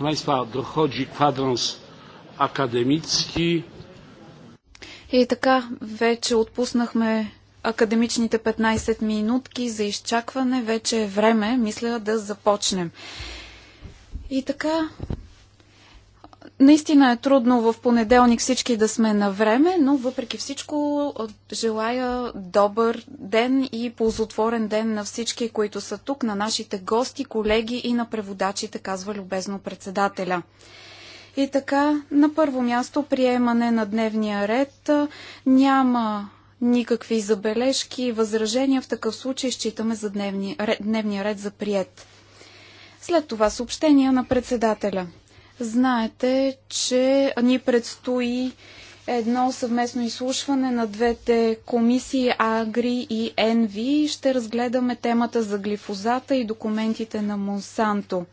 Proszę Państwa, dochodzi kwadrans akademicki. И така, вече отпуснахме академичните 15 минутки за изчакване. Вече е време, мисля, да започнем. И така, Наистина е трудно в понеделник всички да сме на време, но въпреки всичко желая добър ден и ползотворен ден на всички, които са тук, на нашите гости, колеги и на преводачите, казва любезно председателя. И така, на първо място приемане на дневния ред няма никакви забележки и възражения. В такъв случай считаме за ред, дневния ред за прият. След това съобщение на председателя – Знаете, че ни предстои едно съвместно изслушване на двете комисии Агри и Енви. Ще разгледаме темата за глифозата и документите на Монсанто.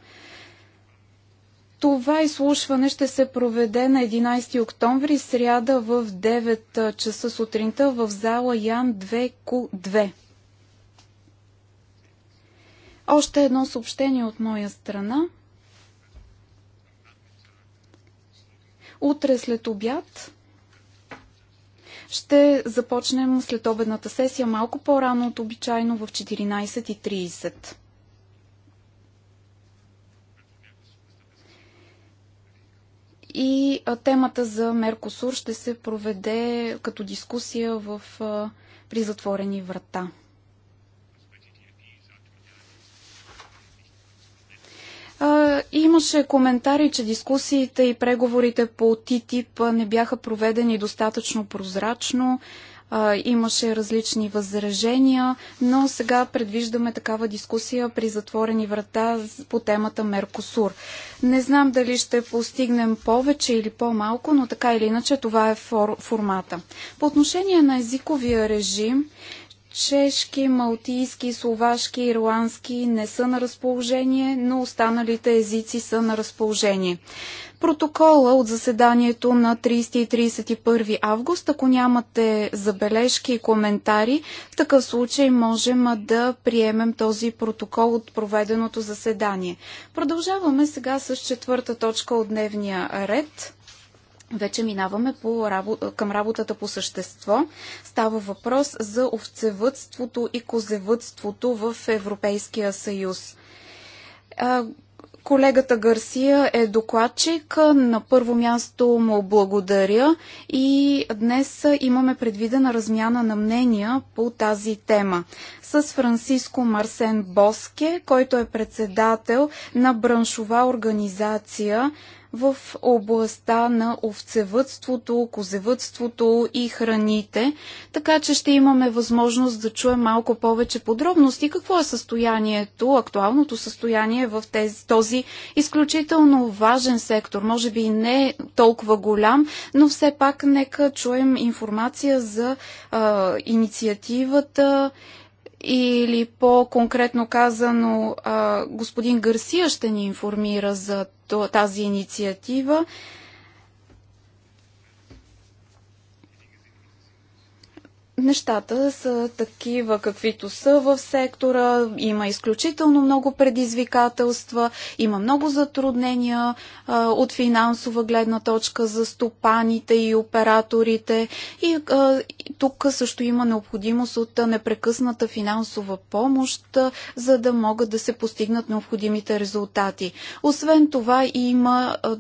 Това изслушване ще се проведе на 11 октомври, сряда в 9 часа сутринта в зала Ян 2Q2. Още едно съобщение от моя страна. Утре след обяд ще започнем след обедната сесия малко по-рано от обичайно в 14.30. И темата за Меркосур ще се проведе като дискусия в, при затворени врата. А, имаше коментари, че дискусиите и преговорите по ТИТИП не бяха проведени достатъчно прозрачно. А, имаше различни възражения, но сега предвиждаме такава дискусия при затворени врата по темата Меркосур. Не знам дали ще постигнем повече или по-малко, но така или иначе това е фор- формата. По отношение на езиковия режим, Чешки, малтийски, словашки, ирландски не са на разположение, но останалите езици са на разположение. Протокола от заседанието на 30 и 31 август, ако нямате забележки и коментари, в такъв случай можем да приемем този протокол от проведеното заседание. Продължаваме сега с четвърта точка от дневния ред. Вече минаваме по към работата по същество. Става въпрос за овцевътството и козевътството в Европейския съюз. Колегата Гарсия е докладчик. На първо място му благодаря и днес имаме предвидена размяна на мнения по тази тема с Франциско Марсен Боске, който е председател на браншова организация в областта на овцевътството, козевътството и храните, така че ще имаме възможност да чуем малко повече подробности какво е състоянието, актуалното състояние в тези, този изключително важен сектор. Може би не толкова голям, но все пак нека чуем информация за а, инициативата или по-конкретно казано господин Гърсия ще ни информира за тази инициатива Нещата са такива, каквито са в сектора. Има изключително много предизвикателства, има много затруднения а, от финансова гледна точка за стопаните и операторите. И а, тук също има необходимост от непрекъсната финансова помощ, а, за да могат да се постигнат необходимите резултати. Освен това има а,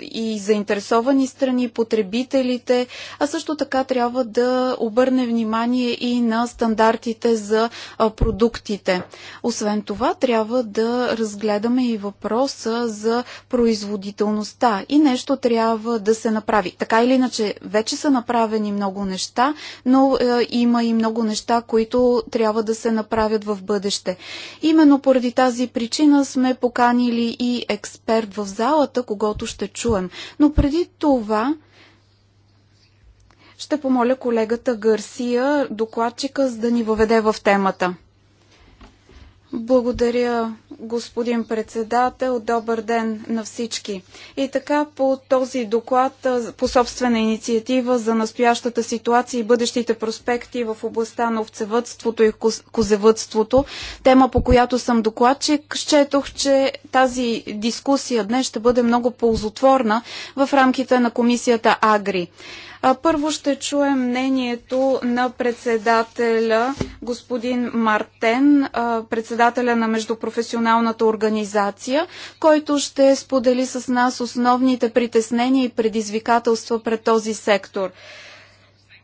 и заинтересовани страни, потребителите, а също така трябва да обърне внимание и на стандартите за продуктите. Освен това, трябва да разгледаме и въпроса за производителността и нещо трябва да се направи. Така или иначе, вече са направени много неща, но е, има и много неща, които трябва да се направят в бъдеще. Именно поради тази причина сме поканили и експерт в залата, когато ще чуем. Но преди това ще помоля колегата Гарсия, докладчика, за да ни въведе в темата. Благодаря, господин председател. Добър ден на всички. И така по този доклад по собствена инициатива за настоящата ситуация и бъдещите проспекти в областта на овцевътството и козевътството, тема по която съм докладчик, счетох, че тази дискусия днес ще бъде много ползотворна в рамките на комисията Агри. Първо ще чуем мнението на председателя господин Мартен, председателя на Междупрофесионалната организация, който ще сподели с нас основните притеснения и предизвикателства пред този сектор.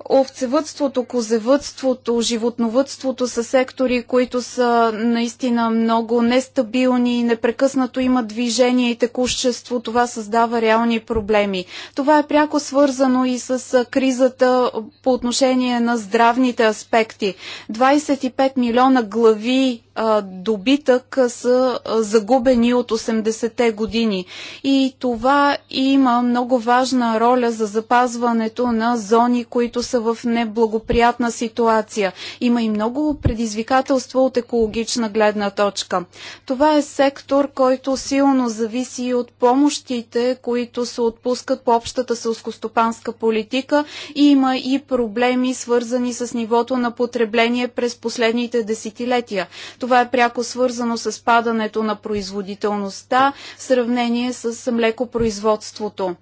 Овцевътството, козевътството, животновътството са сектори, които са наистина много нестабилни, непрекъснато има движение и текущество. Това създава реални проблеми. Това е пряко свързано и с кризата по отношение на здравните аспекти. 25 милиона глави добитък са загубени от 80-те години. И това има много важна роля за запазването на зони, които са в неблагоприятна ситуация. Има и много предизвикателства от екологична гледна точка. Това е сектор, който силно зависи и от помощите, които се отпускат по общата селскостопанска политика и има и проблеми свързани с нивото на потребление през последните десетилетия това е пряко свързано с падането на производителността в сравнение с млекопроизводството.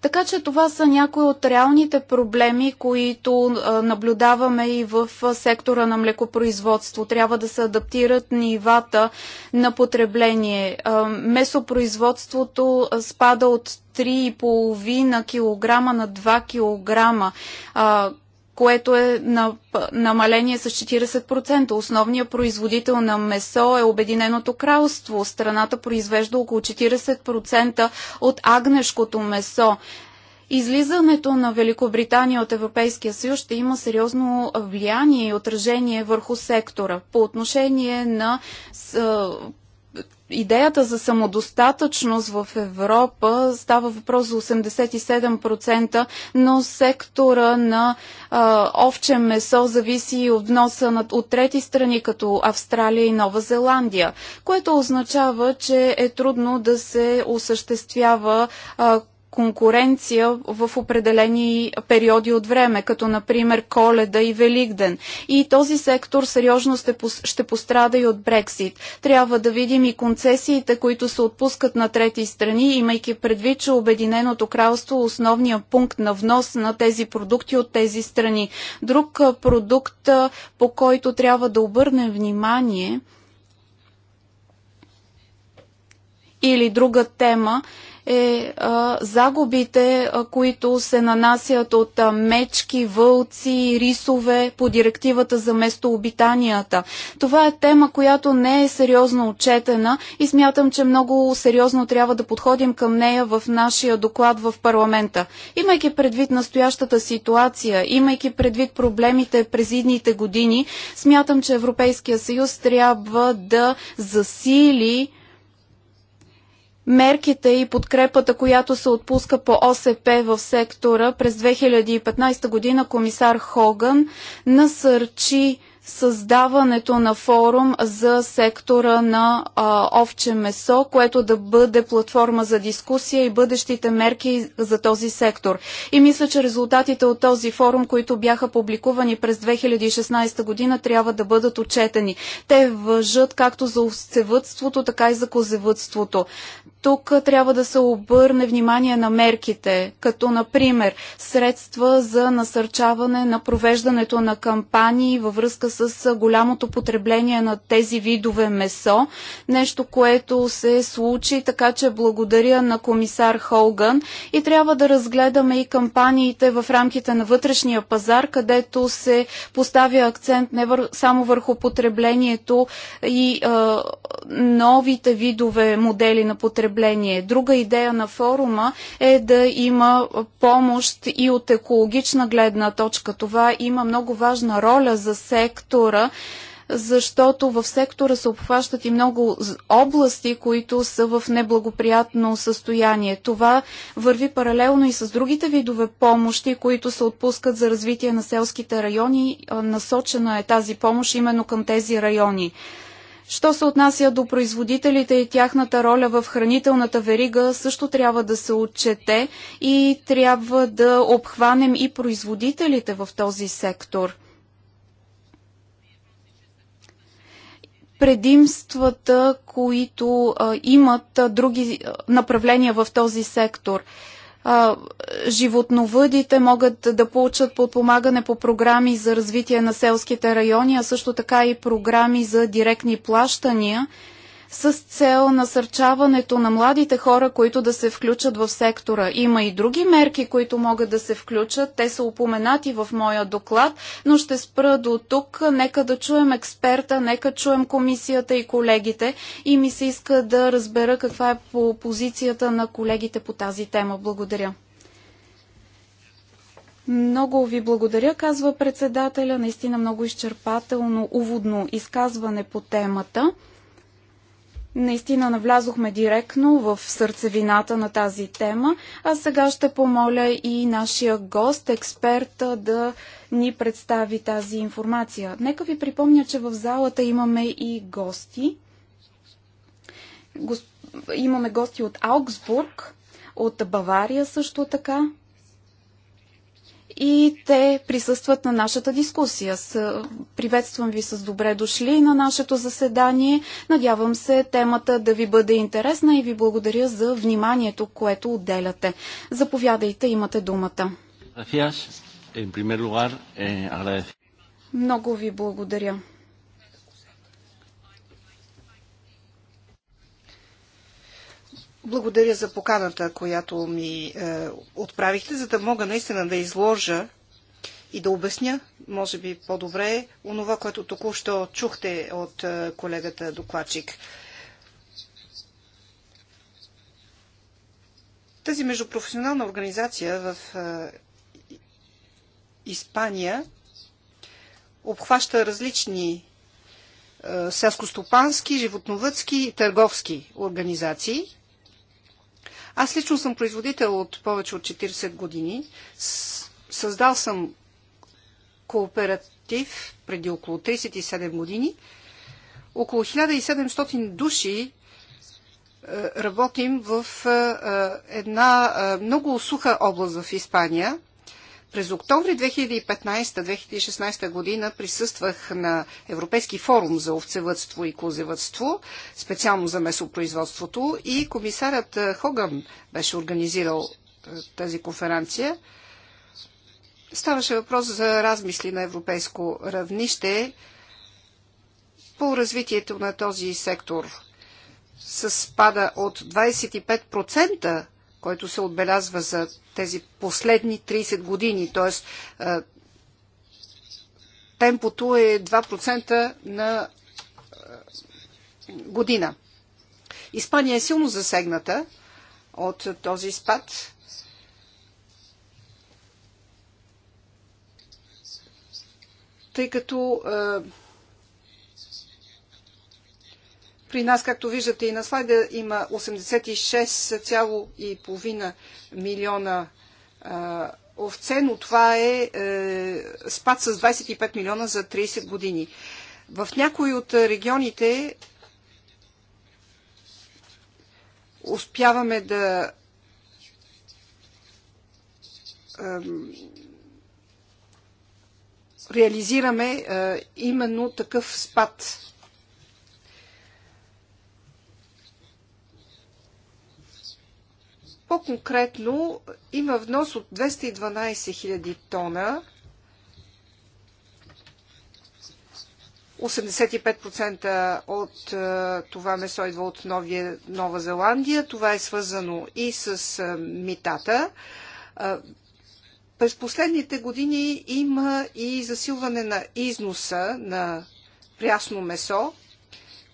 Така че това са някои от реалните проблеми, които наблюдаваме и в сектора на млекопроизводство. Трябва да се адаптират нивата на потребление. Месопроизводството спада от 3,5 кг на 2 кг което е на, намаление с 40%. Основният производител на месо е Обединеното кралство. Страната произвежда около 40% от агнешкото месо. Излизането на Великобритания от Европейския съюз ще има сериозно влияние и отражение върху сектора по отношение на идеята за самодостатъчност в Европа става въпрос за 87%, но сектора на а, овче месо зависи от вноса на, от трети страни, като Австралия и Нова Зеландия, което означава, че е трудно да се осъществява а, конкуренция в определени периоди от време, като например Коледа и Великден. И този сектор сериозно ще, пострада и от Брексит. Трябва да видим и концесиите, които се отпускат на трети страни, имайки предвид, че Обединеното кралство е основния пункт на внос на тези продукти от тези страни. Друг продукт, по който трябва да обърнем внимание или друга тема е а, загубите, а, които се нанасят от а, мечки, вълци, рисове по директивата за местообитанията. Това е тема, която не е сериозно отчетена и смятам, че много сериозно трябва да подходим към нея в нашия доклад в парламента. Имайки предвид настоящата ситуация, имайки предвид проблемите през идните години, смятам, че Европейския съюз трябва да засили мерките и подкрепата, която се отпуска по ОСП в сектора през 2015 година, комисар Хоган насърчи създаването на форум за сектора на а, овче месо, което да бъде платформа за дискусия и бъдещите мерки за този сектор. И мисля, че резултатите от този форум, които бяха публикувани през 2016 година, трябва да бъдат отчетени. Те въжат както за овцевътството, така и за козевътството. Тук трябва да се обърне внимание на мерките, като например средства за насърчаване на провеждането на кампании във връзка с голямото потребление на тези видове месо. Нещо, което се случи, така че благодаря на комисар Холган. И трябва да разгледаме и кампаниите в рамките на вътрешния пазар, където се поставя акцент не вър... само върху потреблението и а, новите видове модели на потребление потребление. Друга идея на форума е да има помощ и от екологична гледна точка. Това има много важна роля за сектора защото в сектора се обхващат и много области, които са в неблагоприятно състояние. Това върви паралелно и с другите видове помощи, които се отпускат за развитие на селските райони. Насочена е тази помощ именно към тези райони. Що се отнася до производителите и тяхната роля в хранителната верига, също трябва да се отчете и трябва да обхванем и производителите в този сектор. Предимствата, които а, имат а, други направления в този сектор – а, животновъдите могат да получат подпомагане по програми за развитие на селските райони, а също така и програми за директни плащания – с цел насърчаването на младите хора, които да се включат в сектора. Има и други мерки, които могат да се включат. Те са упоменати в моя доклад, но ще спра до тук. Нека да чуем експерта, нека чуем комисията и колегите и ми се иска да разбера каква е по позицията на колегите по тази тема. Благодаря. Много ви благодаря, казва председателя. Наистина много изчерпателно, уводно изказване по темата. Наистина навлязохме директно в сърцевината на тази тема, а сега ще помоля и нашия гост, експерт, да ни представи тази информация. Нека ви припомня, че в залата имаме и гости. Гос... Имаме гости от Аугсбург, от Бавария също така и те присъстват на нашата дискусия. С, е, приветствам ви с добре дошли на нашето заседание. Надявам се темата да ви бъде интересна и ви благодаря за вниманието, което отделяте. Заповядайте, имате думата. Eh, Много ви благодаря. Благодаря за поканата, която ми е, отправихте, за да мога наистина да изложа и да обясня, може би по-добре, онова, което току-що чухте от е, колегата докладчик. Тази междупрофесионална организация в е, Испания обхваща различни е, селскостопански, животновътски и търговски организации – аз лично съм производител от повече от 40 години. Създал съм кооператив преди около 37 години. Около 1700 души е, работим в е, е, една много суха област в Испания – през октомври 2015-2016 година присъствах на Европейски форум за овцевътство и козевътство, специално за месопроизводството и комисарът е, Хоган беше организирал е, тази конференция. Ставаше въпрос за размисли на европейско равнище по развитието на този сектор с спада от 25% който се отбелязва за тези последни 30 години, т.е. темпото е 2% на е, година. Испания е силно засегната от този спад. Тъй като е, при нас, както виждате и на слайда, има 86,5 милиона а, овце, но това е, е спад с 25 милиона за 30 години. В някои от регионите успяваме да е, реализираме е, именно такъв спад По-конкретно има внос от 212 000 тона, 85% от е, това месо идва от Новия, Нова Зеландия. Това е свързано и с е, митата. Е, през последните години има и засилване на износа на прясно месо,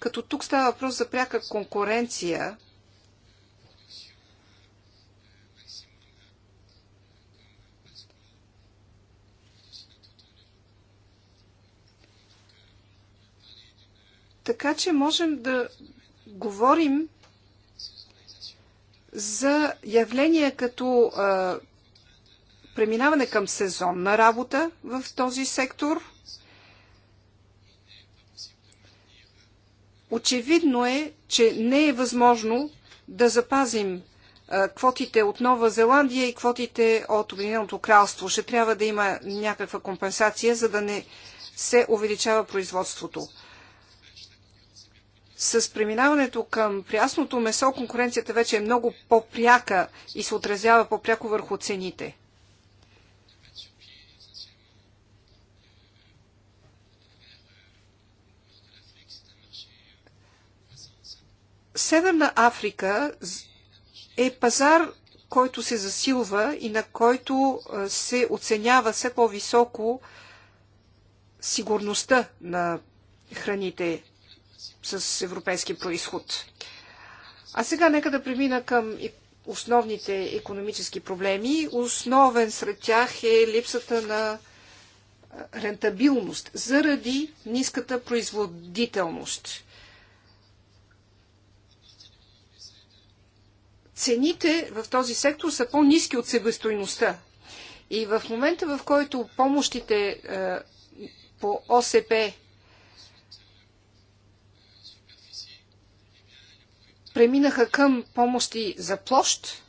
като тук става въпрос за пряка конкуренция Така че можем да говорим за явления като а, преминаване към сезонна работа в този сектор. Очевидно е, че не е възможно да запазим квотите от Нова Зеландия и квотите от Обединеното кралство. Ще трябва да има някаква компенсация, за да не се увеличава производството с преминаването към прясното месо конкуренцията вече е много по-пряка и се отразява по-пряко върху цените. Северна Африка е пазар, който се засилва и на който се оценява все по-високо сигурността на храните с европейски происход. А сега нека да премина към основните економически проблеми. Основен сред тях е липсата на рентабилност заради ниската производителност. Цените в този сектор са по-низки от себестойността. И в момента, в който помощите по ОСП преминаха към помощи за площ.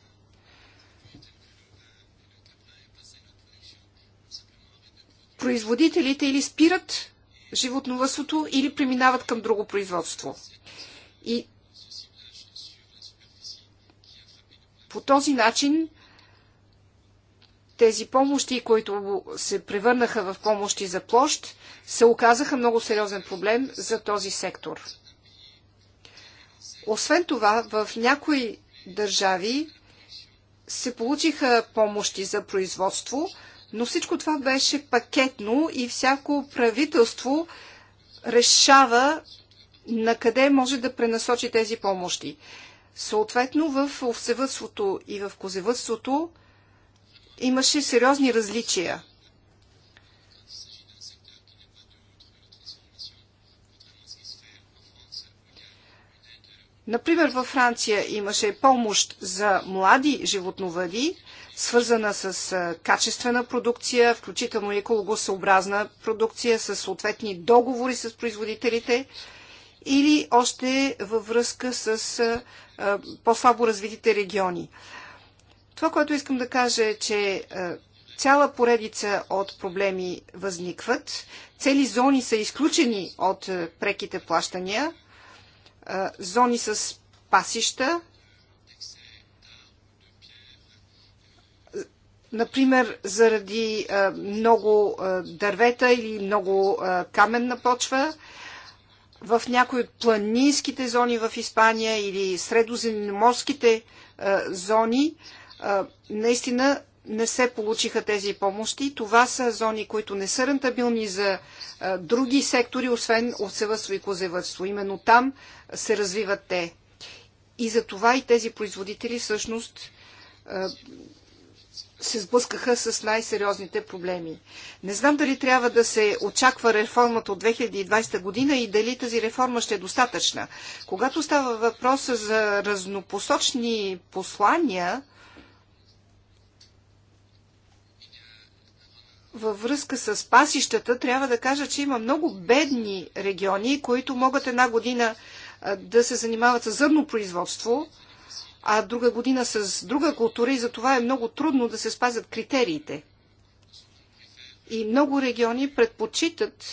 Производителите или спират животновътството или преминават към друго производство. И по този начин тези помощи, които се превърнаха в помощи за площ, се оказаха много сериозен проблем за този сектор. Освен това, в някои държави се получиха помощи за производство, но всичко това беше пакетно и всяко правителство решава на къде може да пренасочи тези помощи. Съответно, в овцевътството и в козевътството имаше сериозни различия – Например, във Франция имаше помощ за млади животновъди, свързана с качествена продукция, включително и екологосъобразна продукция, с съответни договори с производителите или още във връзка с по-слабо развитите региони. Това, което искам да кажа е, че цяла поредица от проблеми възникват. Цели зони са изключени от преките плащания – зони с пасища, например, заради много дървета или много каменна почва. В някои от планинските зони в Испания или средоземноморските зони наистина не се получиха тези помощи. Това са зони, които не са рентабилни за а, други сектори, освен овцевътство и козевътство. Именно там се развиват те. И за това и тези производители всъщност а, се сблъскаха с най-сериозните проблеми. Не знам дали трябва да се очаква реформата от 2020 година и дали тази реформа ще е достатъчна. Когато става въпроса за разнопосочни послания, във връзка с пасищата, трябва да кажа, че има много бедни региони, които могат една година да се занимават с зърно производство, а друга година с друга култура и затова е много трудно да се спазят критериите. И много региони предпочитат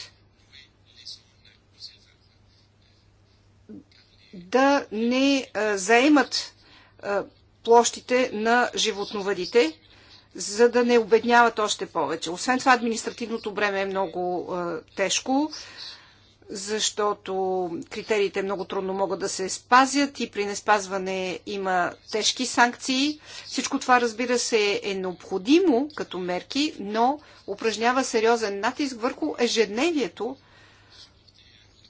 да не заемат площите на животновъдите, за да не обедняват още повече. Освен това, административното бреме е много е, тежко, защото критериите много трудно могат да се спазят и при неспазване има тежки санкции. Всичко това, разбира се, е необходимо като мерки, но упражнява сериозен натиск върху ежедневието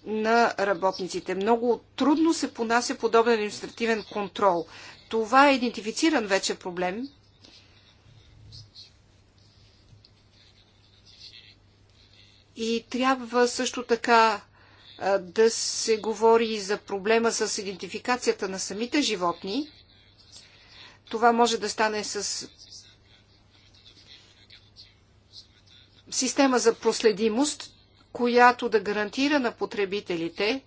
на работниците. Много трудно се понася подобен административен контрол. Това е идентифициран вече проблем И трябва също така да се говори и за проблема с идентификацията на самите животни. Това може да стане с система за проследимост, която да гарантира на потребителите,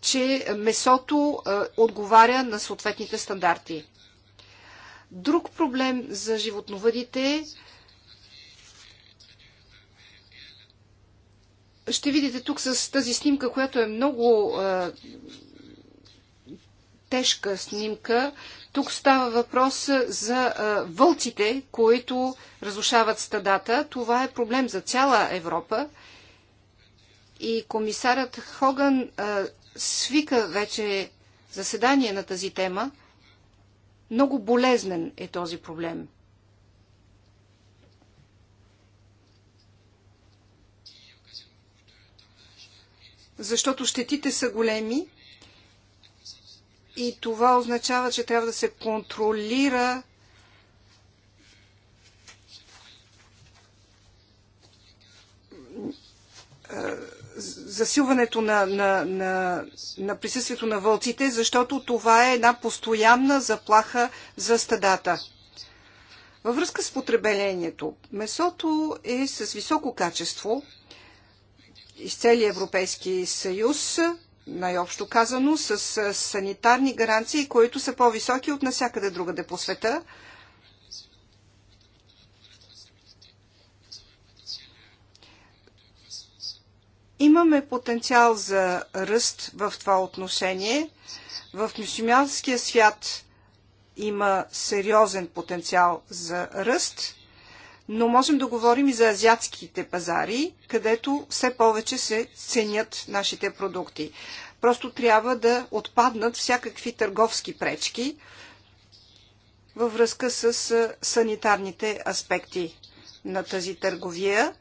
че месото отговаря на съответните стандарти. Друг проблем за животновъдите е ще видите тук с тази снимка, която е много а, тежка снимка. Тук става въпрос за а, вълците, които разрушават стадата. Това е проблем за цяла Европа. И комисарът Хоган а, свика вече заседание на тази тема. Много болезнен е този проблем. защото щетите са големи и това означава, че трябва да се контролира засилването на, на, на, на присъствието на вълците, защото това е една постоянна заплаха за стадата. Във връзка с потребелението месото е с високо качество, из целия Европейски съюз, най-общо казано, с санитарни гаранции, които са по-високи от насякъде другаде по света. Имаме потенциал за ръст в това отношение. В мюсюлманския свят има сериозен потенциал за ръст – но можем да говорим и за азиатските пазари, където все повече се ценят нашите продукти. Просто трябва да отпаднат всякакви търговски пречки във връзка с санитарните аспекти на тази търговия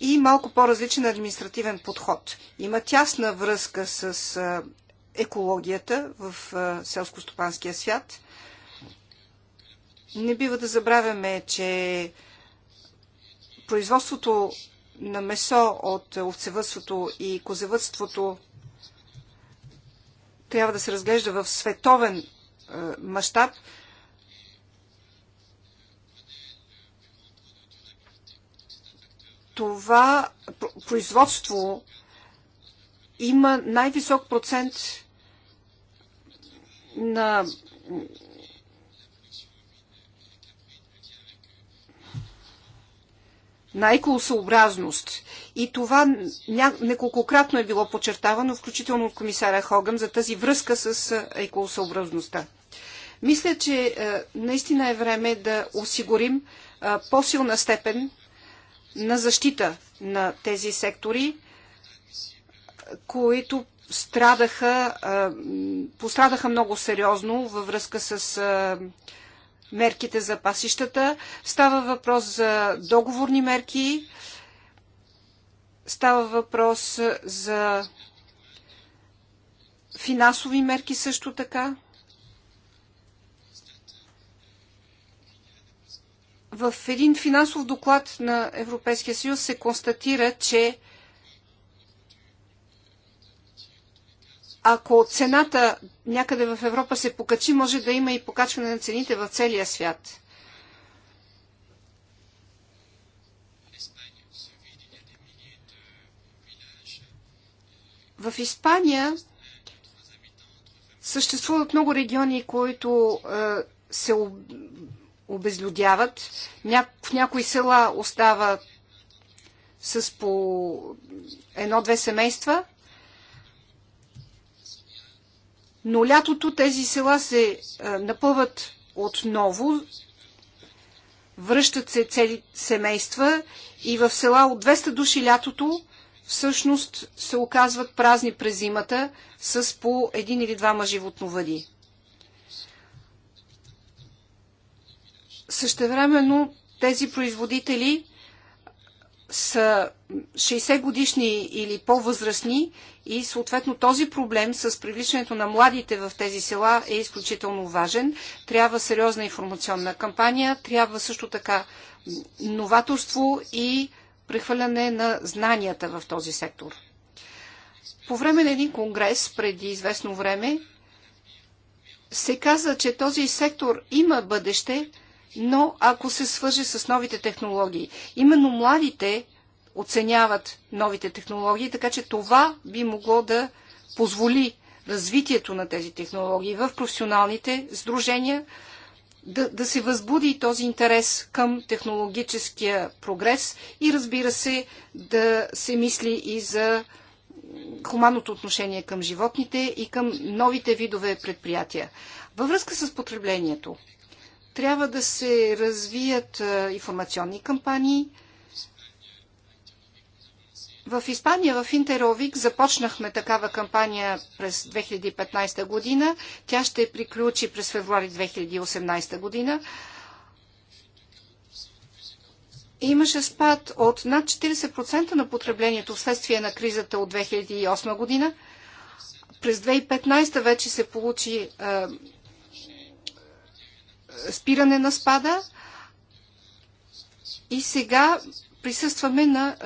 и малко по-различен административен подход. Има тясна връзка с екологията в селско-стопанския свят. Не бива да забравяме, че производството на месо от овцевътството и козевътството трябва да се разглежда в световен е, мащаб, това производство има най-висок процент на на екосообразност. И това неколкократно е било подчертавано, включително от комисаря Хоган, за тази връзка с еколосъобразността. Мисля, че наистина е време да осигурим по-силна степен на защита на тези сектори, които страдаха, пострадаха много сериозно във връзка с мерките за пасищата. Става въпрос за договорни мерки. Става въпрос за финансови мерки също така. В един финансов доклад на Европейския съюз се констатира, че ако цената някъде в Европа се покачи, може да има и покачване на цените в целия свят. В Испания съществуват много региони, които е, се обезлюдяват. Ня... В някои села остава с по едно-две семейства – но лятото тези села се е, напъват отново, връщат се цели семейства и в села от 200 души лятото всъщност се оказват празни през зимата с по един или двама животновъди. Същевременно тези производители са 60 годишни или по-възрастни и съответно този проблем с привличането на младите в тези села е изключително важен. Трябва сериозна информационна кампания, трябва също така новаторство и прехвърляне на знанията в този сектор. По време на един конгрес преди известно време се каза, че този сектор има бъдеще, но ако се свържи с новите технологии. Именно младите оценяват новите технологии, така че това би могло да позволи развитието на тези технологии в професионалните сдружения, да, да се възбуди този интерес към технологическия прогрес и разбира се да се мисли и за хуманното отношение към животните и към новите видове предприятия. Във връзка с потреблението, трябва да се развият информационни кампании. В Испания, в Интеровик, започнахме такава кампания през 2015 година. Тя ще приключи през февруари 2018 година. Имаше спад от над 40% на потреблението вследствие на кризата от 2008 година. През 2015 вече се получи спиране на спада и сега присъстваме на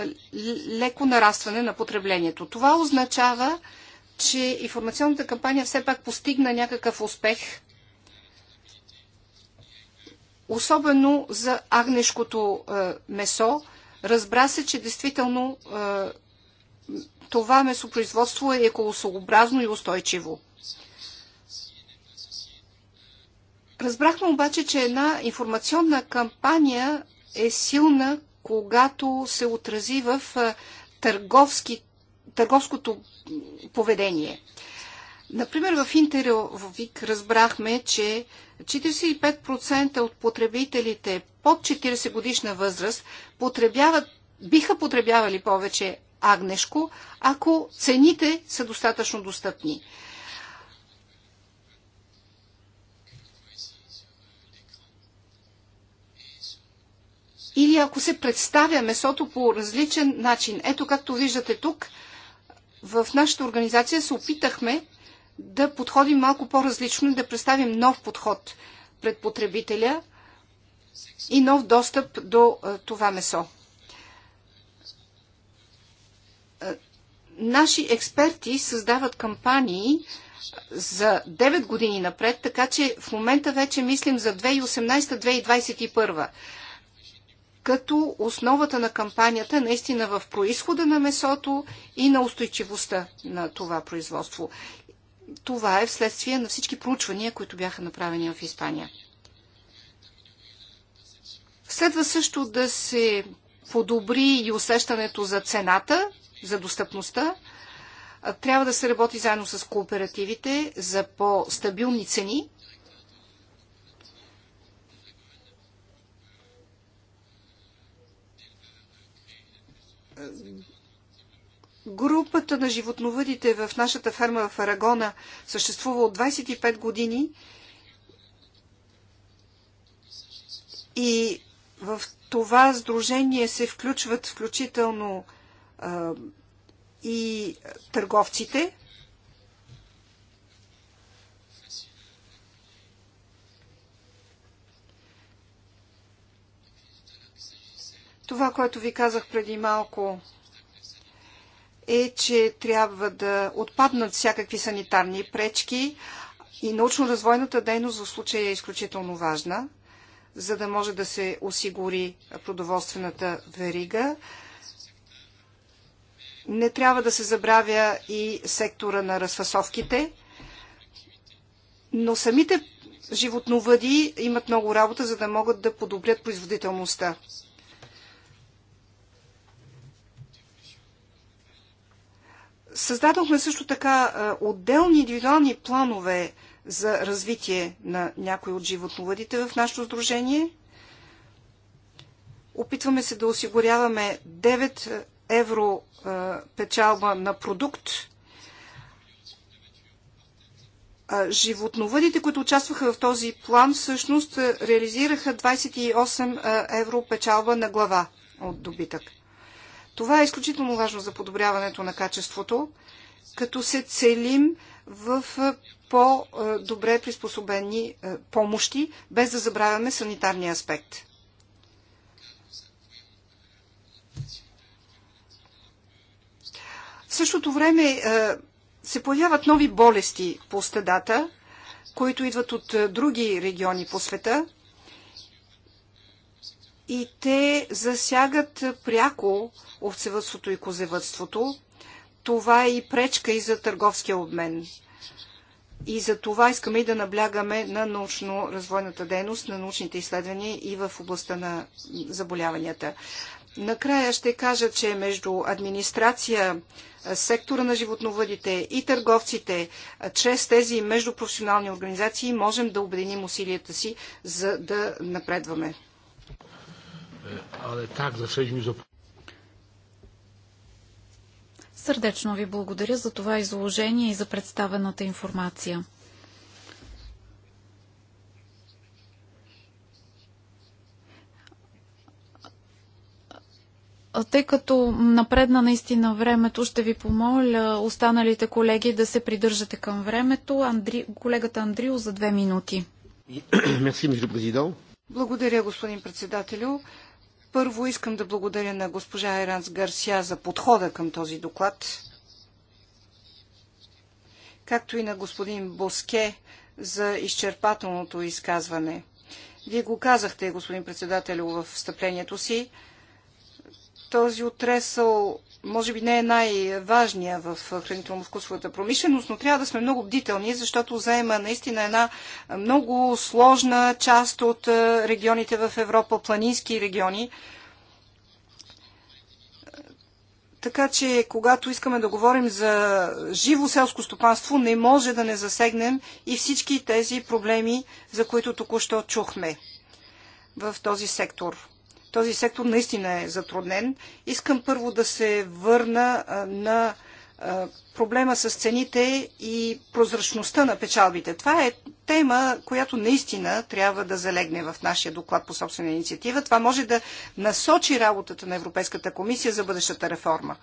леко нарастване на потреблението. Това означава, че информационната кампания все пак постигна някакъв успех, особено за агнешкото е, месо. Разбра се, че действително е, това месопроизводство е екологосъобразно и устойчиво. Разбрахме обаче, че една информационна кампания е силна, когато се отрази в търговски, търговското поведение. Например, в Интерио в ВИК разбрахме, че 45% от потребителите под 40 годишна възраст потребяват, биха потребявали повече агнешко, ако цените са достатъчно достъпни. или ако се представя месото по различен начин. Ето, както виждате тук, в нашата организация се опитахме да подходим малко по-различно и да представим нов подход пред потребителя и нов достъп до това месо. Наши експерти създават кампании за 9 години напред, така че в момента вече мислим за 2018-2021 като основата на кампанията наистина в происхода на месото и на устойчивостта на това производство. Това е вследствие на всички проучвания, които бяха направени в Испания. Следва също да се подобри и усещането за цената, за достъпността. Трябва да се работи заедно с кооперативите за по-стабилни цени – Групата на животновъдите в нашата ферма в Арагона съществува от 25 години и в това сдружение се включват включително и търговците. Това, което ви казах преди малко, е, че трябва да отпаднат всякакви санитарни пречки и научно-развойната дейност в случая е изключително важна, за да може да се осигури продоволствената верига. Не трябва да се забравя и сектора на разфасовките, но самите животновъди имат много работа, за да могат да подобрят производителността. Създадохме също така отделни индивидуални планове за развитие на някои от животновъдите в нашето сдружение. Опитваме се да осигуряваме 9 евро печалба на продукт. Животновъдите, които участваха в този план, всъщност реализираха 28 евро печалба на глава от добитък. Това е изключително важно за подобряването на качеството, като се целим в по-добре приспособени помощи, без да забравяме санитарния аспект. В същото време се появяват нови болести по стадата, които идват от други региони по света – и те засягат пряко овцевътството и козевътството. Това е и пречка и за търговския обмен. И за това искаме и да наблягаме на научно-развойната дейност, на научните изследвания и в областта на заболяванията. Накрая ще кажа, че между администрация, сектора на животновъдите и търговците, чрез тези междупрофесионални организации можем да обединим усилията си, за да напредваме ale tak zaczęliśmy z Сърдечно ви благодаря за това изложение и за представената информация. Тъй като напредна наистина времето, ще ви помоля останалите колеги да се придържате към времето. Андри... Колегата Андрио за две минути. Благодаря, господин председателю. Първо искам да благодаря на госпожа Еранс Гарсия за подхода към този доклад, както и на господин Боске за изчерпателното изказване. Вие го казахте, господин председател, в встъплението си. Този отресъл може би не е най-важния в хранително-вкусовата промишленост, но трябва да сме много бдителни, защото заема наистина една много сложна част от е, регионите в Европа, планински региони. Така че, когато искаме да говорим за живо селско стопанство, не може да не засегнем и всички тези проблеми, за които току-що чухме в този сектор. Този сектор наистина е затруднен. Искам първо да се върна на проблема с цените и прозрачността на печалбите. Това е тема, която наистина трябва да залегне в нашия доклад по собствена инициатива. Това може да насочи работата на Европейската комисия за бъдещата реформа.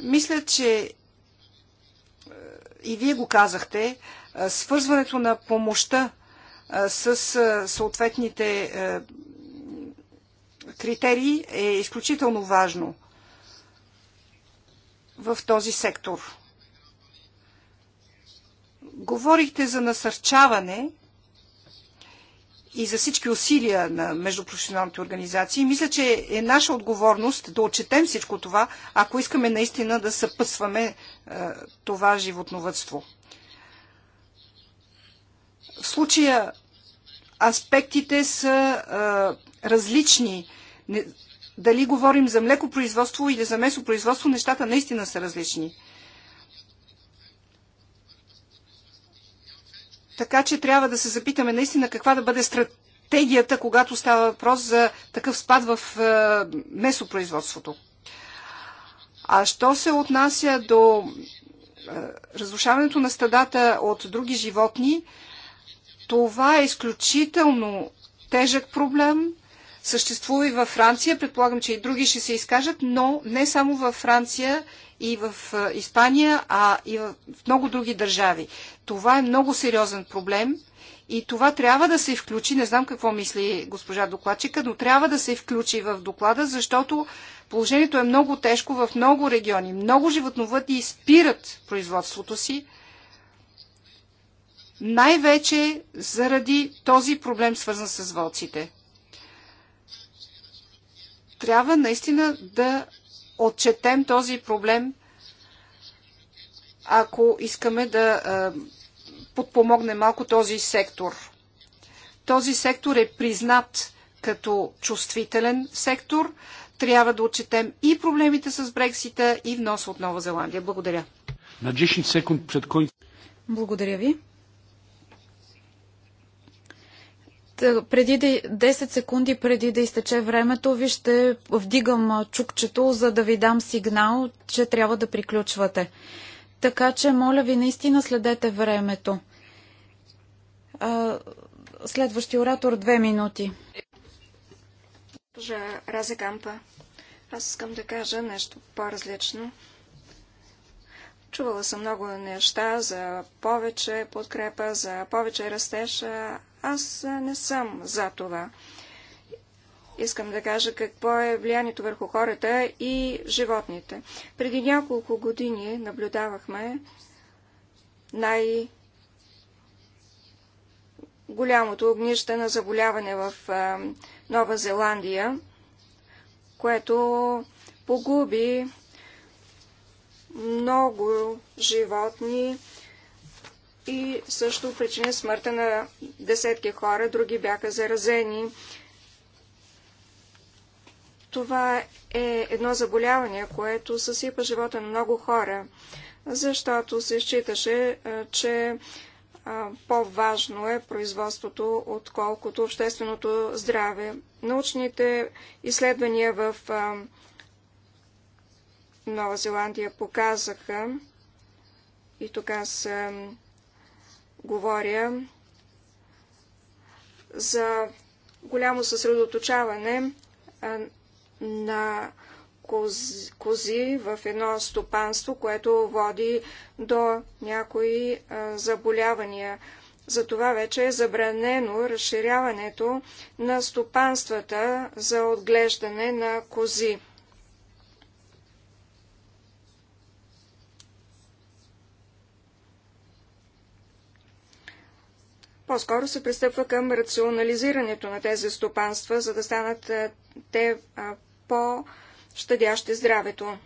Мисля, че и вие го казахте, свързването на помощта с съответните критерии е изключително важно в този сектор. Говорихте за насърчаване и за всички усилия на междупрофесионалните организации. Мисля, че е наша отговорност да отчетем всичко това, ако искаме наистина да съпъсваме това животновътство. В случая аспектите са а, различни. Не, дали говорим за млекопроизводство или за месопроизводство, нещата наистина са различни. Така че трябва да се запитаме наистина каква да бъде стратегията, когато става въпрос за такъв спад в а, месопроизводството. А що се отнася до а, разрушаването на стадата от други животни, а, това е изключително тежък проблем. Съществува и във Франция, предполагам, че и други ще се изкажат, но не само във Франция и в Испания, а и в много други държави. Това е много сериозен проблем и това трябва да се включи, не знам какво мисли госпожа докладчика, но трябва да се включи в доклада, защото положението е много тежко в много региони. Много животновъди спират производството си, най-вече заради този проблем, свързан с вълците. Трябва наистина да отчетем този проблем, ако искаме да подпомогне малко този сектор. Този сектор е признат като чувствителен сектор. Трябва да отчетем и проблемите с Брексита и внос от Нова Зеландия. Благодаря. На 10 секунд пред кой... Благодаря ви. преди да, 10 секунди преди да изтече времето ви ще вдигам чукчето, за да ви дам сигнал, че трябва да приключвате. Така че, моля ви, наистина следете времето. Следващия оратор, две минути. рази Кампа, аз искам да кажа нещо по-различно. Чувала съм много неща за повече подкрепа, за повече растеж. Аз не съм за това. Искам да кажа какво е влиянието върху хората и животните. Преди няколко години наблюдавахме най- голямото огнище на заболяване в Нова Зеландия, което погуби много животни, и също причини смъртта на десетки хора, други бяха заразени. Това е едно заболяване, което съсипа живота на много хора, защото се считаше, че по-важно е производството, отколкото общественото здраве. Научните изследвания в Нова Зеландия показаха, и тук аз говоря за голямо съсредоточаване на кози, кози в едно стопанство, което води до някои заболявания. Затова вече е забранено разширяването на стопанствата за отглеждане на кози. По-скоро се пристъпва към рационализирането на тези стопанства, за да станат те по-щадящи здравето.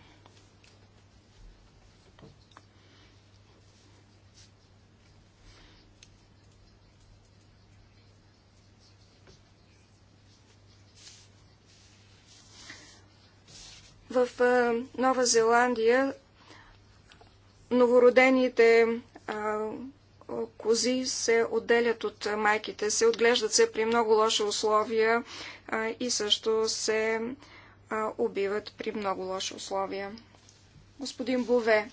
В Нова Зеландия новородените кози се отделят от майките се, отглеждат се при много лоши условия и също се убиват при много лоши условия. Господин Бове.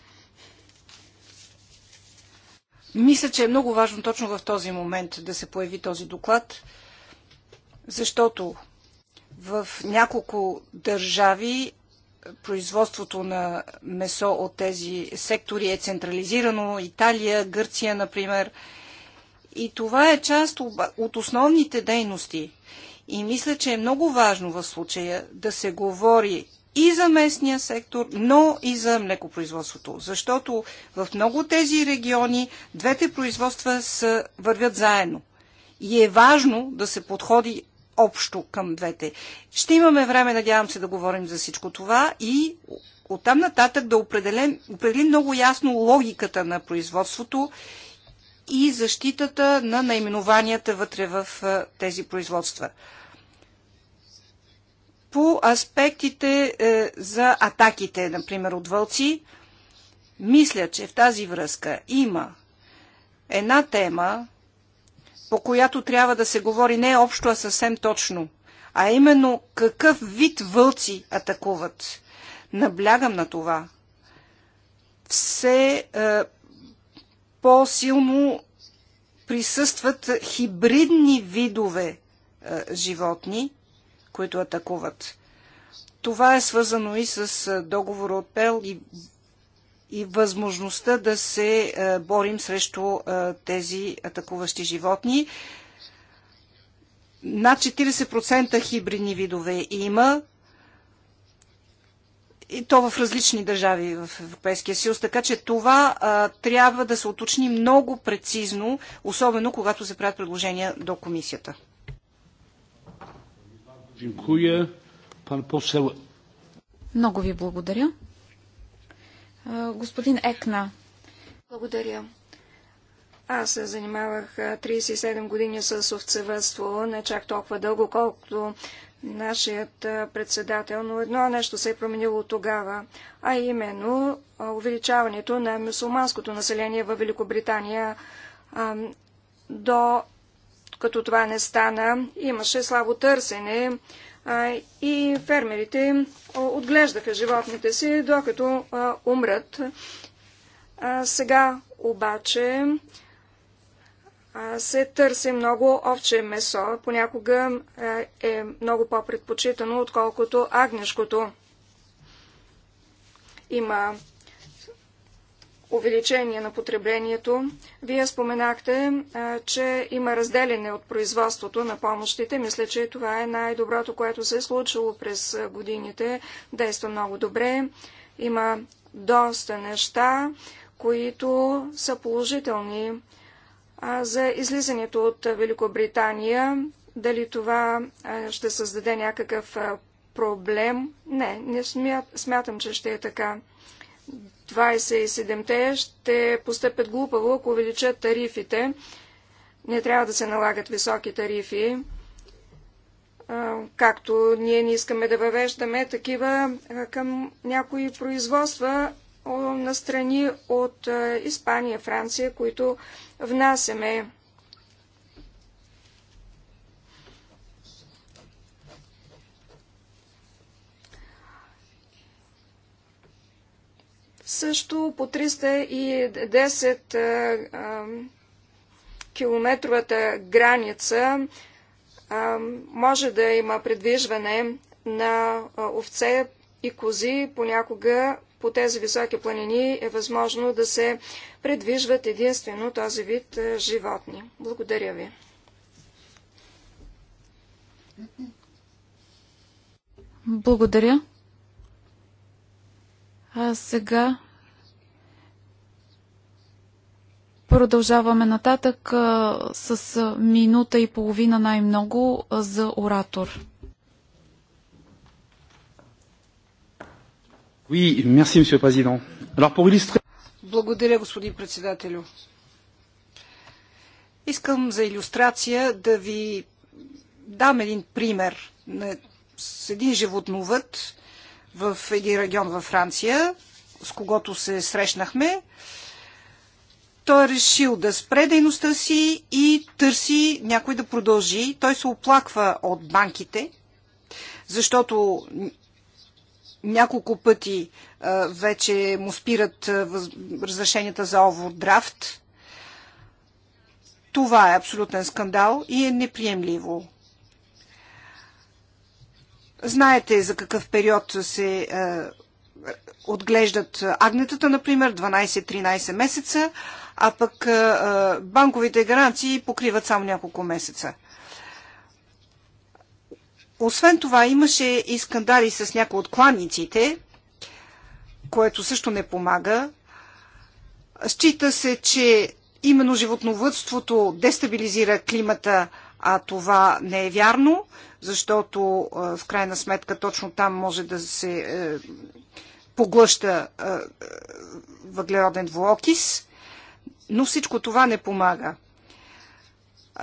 Мисля, че е много важно точно в този момент да се появи този доклад, защото в няколко държави производството на месо от тези сектори е централизирано. Италия, Гърция, например. И това е част от основните дейности. И мисля, че е много важно в случая да се говори и за местния сектор, но и за млекопроизводството. Защото в много тези региони двете производства са, вървят заедно. И е важно да се подходи общо към двете. Ще имаме време, надявам се, да говорим за всичко това и оттам нататък да определим, определим много ясно логиката на производството и защитата на наименованията вътре в тези производства. По аспектите е, за атаките, например, от вълци, мисля, че в тази връзка има една тема, по която трябва да се говори не е общо, а съвсем точно. А именно какъв вид вълци атакуват. Наблягам на това. Все е, по-силно присъстват хибридни видове е, животни, които атакуват. Това е свързано и с е, договора от Пел и и възможността да се е, борим срещу е, тези атакуващи животни. Над 40% хибридни видове има и то в различни държави в Европейския съюз, така че това а, е, трябва да се уточни много прецизно, особено когато се правят предложения до комисията. Много ви благодаря. Господин Екна. Благодаря. Аз се занимавах 37 години с овцевътство, не чак толкова дълго, колкото нашият председател, но едно нещо се е променило тогава, а именно увеличаването на мусулманското население в Великобритания до като това не стана, имаше слабо търсене и фермерите отглеждаха животните си, докато умрат. Сега обаче се търси много овче месо, понякога е много по-предпочитано, отколкото агнешкото. Има увеличение на потреблението. Вие споменахте, че има разделене от производството на помощите. Мисля, че това е най-доброто, което се е случило през годините. Действа много добре. Има доста неща, които са положителни за излизането от Великобритания. Дали това ще създаде някакъв проблем? Не, не смятам, че ще е така. 27-те ще постъпят глупаво, ако увеличат тарифите. Не трябва да се налагат високи тарифи, както ние не искаме да въвеждаме такива към някои производства на страни от Испания, Франция, които внасяме. Също по 310 километровата граница може да има предвижване на овце и кози. Понякога по тези високи планини е възможно да се предвижват единствено този вид животни. Благодаря ви. Благодаря. А сега Продължаваме нататък а, с минута и половина най-много за оратор. Oui, merci, monsieur le président. Alors, pour illustrer... Благодаря, господин председателю. Искам за иллюстрация да ви дам един пример на, с един животновът в един регион във Франция, с когото се срещнахме. Той е решил да спре дейността си и търси някой да продължи. Той се оплаква от банките, защото няколко пъти вече му спират разрешенията за овердрафт. Това е абсолютен скандал и е неприемливо. Знаете за какъв период се отглеждат агнетата, например, 12-13 месеца, а пък банковите гаранции покриват само няколко месеца. Освен това, имаше и скандали с някои от кланниците, което също не помага. Счита се, че именно животновътството дестабилизира климата, а това не е вярно, защото в крайна сметка точно там може да се е, поглъща е, е, въглероден двуокис но всичко това не помага.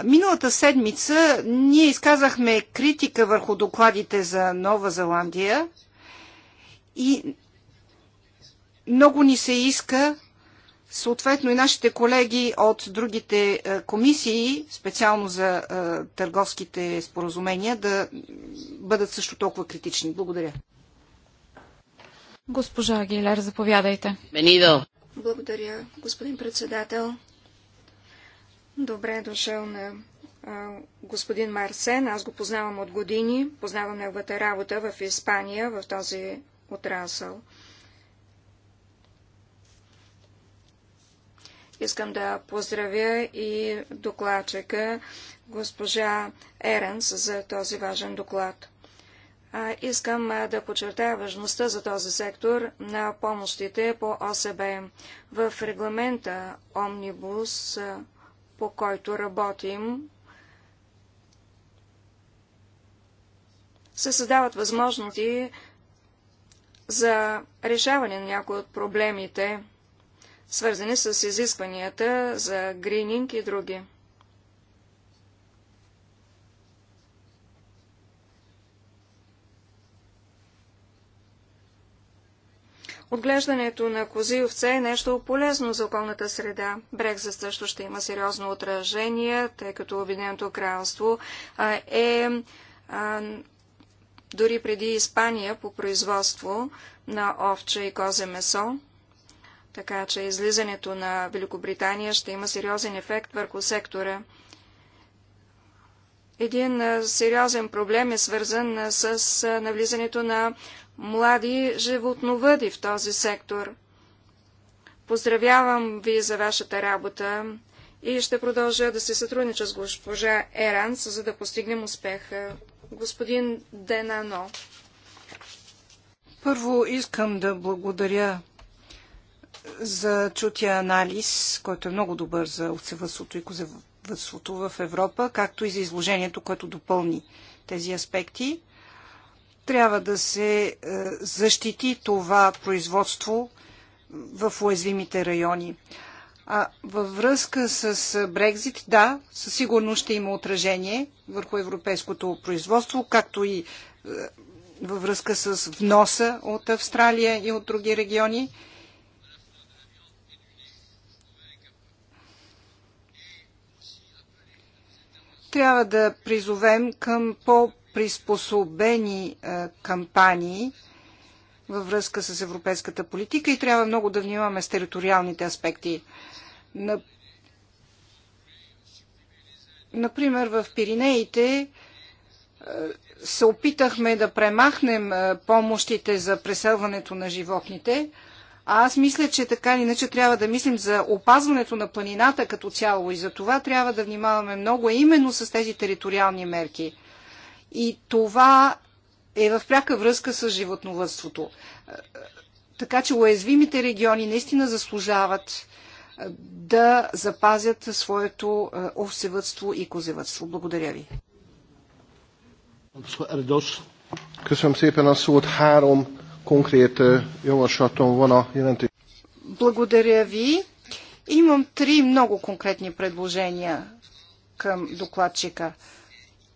Миналата седмица ние изказахме критика върху докладите за Нова Зеландия и много ни се иска съответно и нашите колеги от другите е, комисии, специално за е, търговските споразумения, да бъдат също толкова критични. Благодаря. Госпожа Агилер, заповядайте. Бенидо. Благодаря, господин председател. Добре е дошъл на а, господин Марсен. Аз го познавам от години. Познавам неговата работа в Испания, в този отрасъл. Искам да поздравя и докладчика госпожа Еренс за този важен доклад. Искам да подчертая важността за този сектор на помощите по ОСБ. В регламента Омнибус, по който работим, се създават възможности за решаване на някои от проблемите, свързани с изискванията за грининг и други. Отглеждането на кози и овце е нещо полезно за околната среда. Брекзит също ще има сериозно отражение, тъй като Обединеното кралство а, е а, дори преди Испания по производство на овче и козе месо. Така че излизането на Великобритания ще има сериозен ефект върху сектора. Един сериозен проблем е свързан с навлизането на млади животновъди в този сектор. Поздравявам ви за вашата работа и ще продължа да се сътруднича с госпожа Еранс, за да постигнем успеха. Господин Денано. Първо искам да благодаря за чутия анализ, който е много добър за овцевъдството и козевъдството в Европа, както и за изложението, което допълни тези аспекти. Трябва да се е, защити това производство в уязвимите райони. А във връзка с е, Брекзит, да, със сигурност ще има отражение върху европейското производство, както и е, във връзка с вноса от Австралия и от други региони. Трябва да призовем към по приспособени кампании във връзка с европейската политика и трябва много да внимаваме с териториалните аспекти. Например, в Пиринеите се опитахме да премахнем помощите за преселването на животните, а аз мисля, че така или иначе трябва да мислим за опазването на планината като цяло и за това трябва да внимаваме много именно с тези териториални мерки. И това е в пряка връзка с животновътството. Така че уязвимите региони наистина заслужават да запазят своето овсевътство и козевътство. Благодаря ви. Благодаря ви. Имам три много конкретни предложения към докладчика.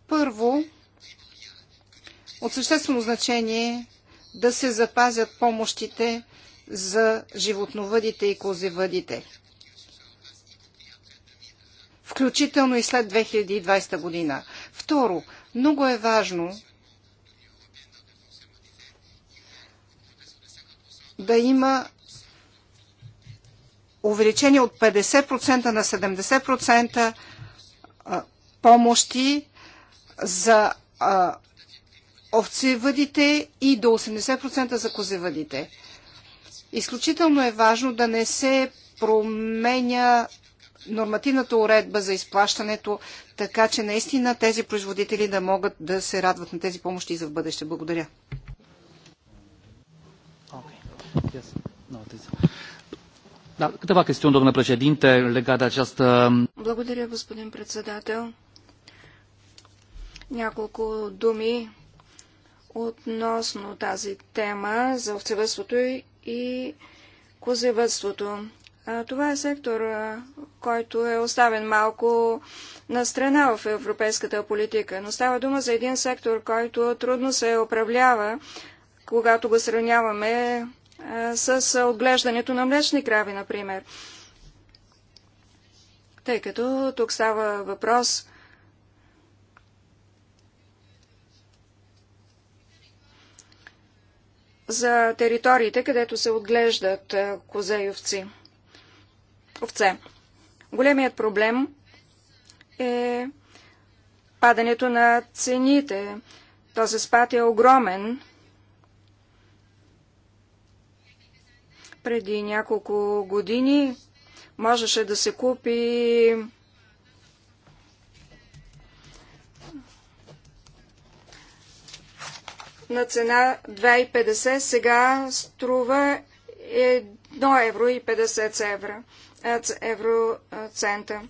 Първо, от съществено значение да се запазят помощите за животновъдите и козевъдите, включително и след 2020 година. Второ, много е важно да има увеличение от 50% на 70% помощи за овцевъдите и до 80% за козевъдите. Изключително е важно да не се променя нормативната уредба за изплащането, така че наистина тези производители да могат да се радват на тези помощи и за в бъдеще. Благодаря. Благодаря, господин председател. Няколко думи относно тази тема за овцевътството и козевътството. Това е сектор, който е оставен малко на страна в европейската политика, но става дума за един сектор, който трудно се управлява, когато го сравняваме с отглеждането на млечни крави, например. Тъй като тук става въпрос за териториите, където се отглеждат е, козе и овци. овце. Големият проблем е падането на цените. Този спад е огромен. Преди няколко години можеше да се купи на цена 2,50, сега струва 1 евро и 50 евро, евроцента.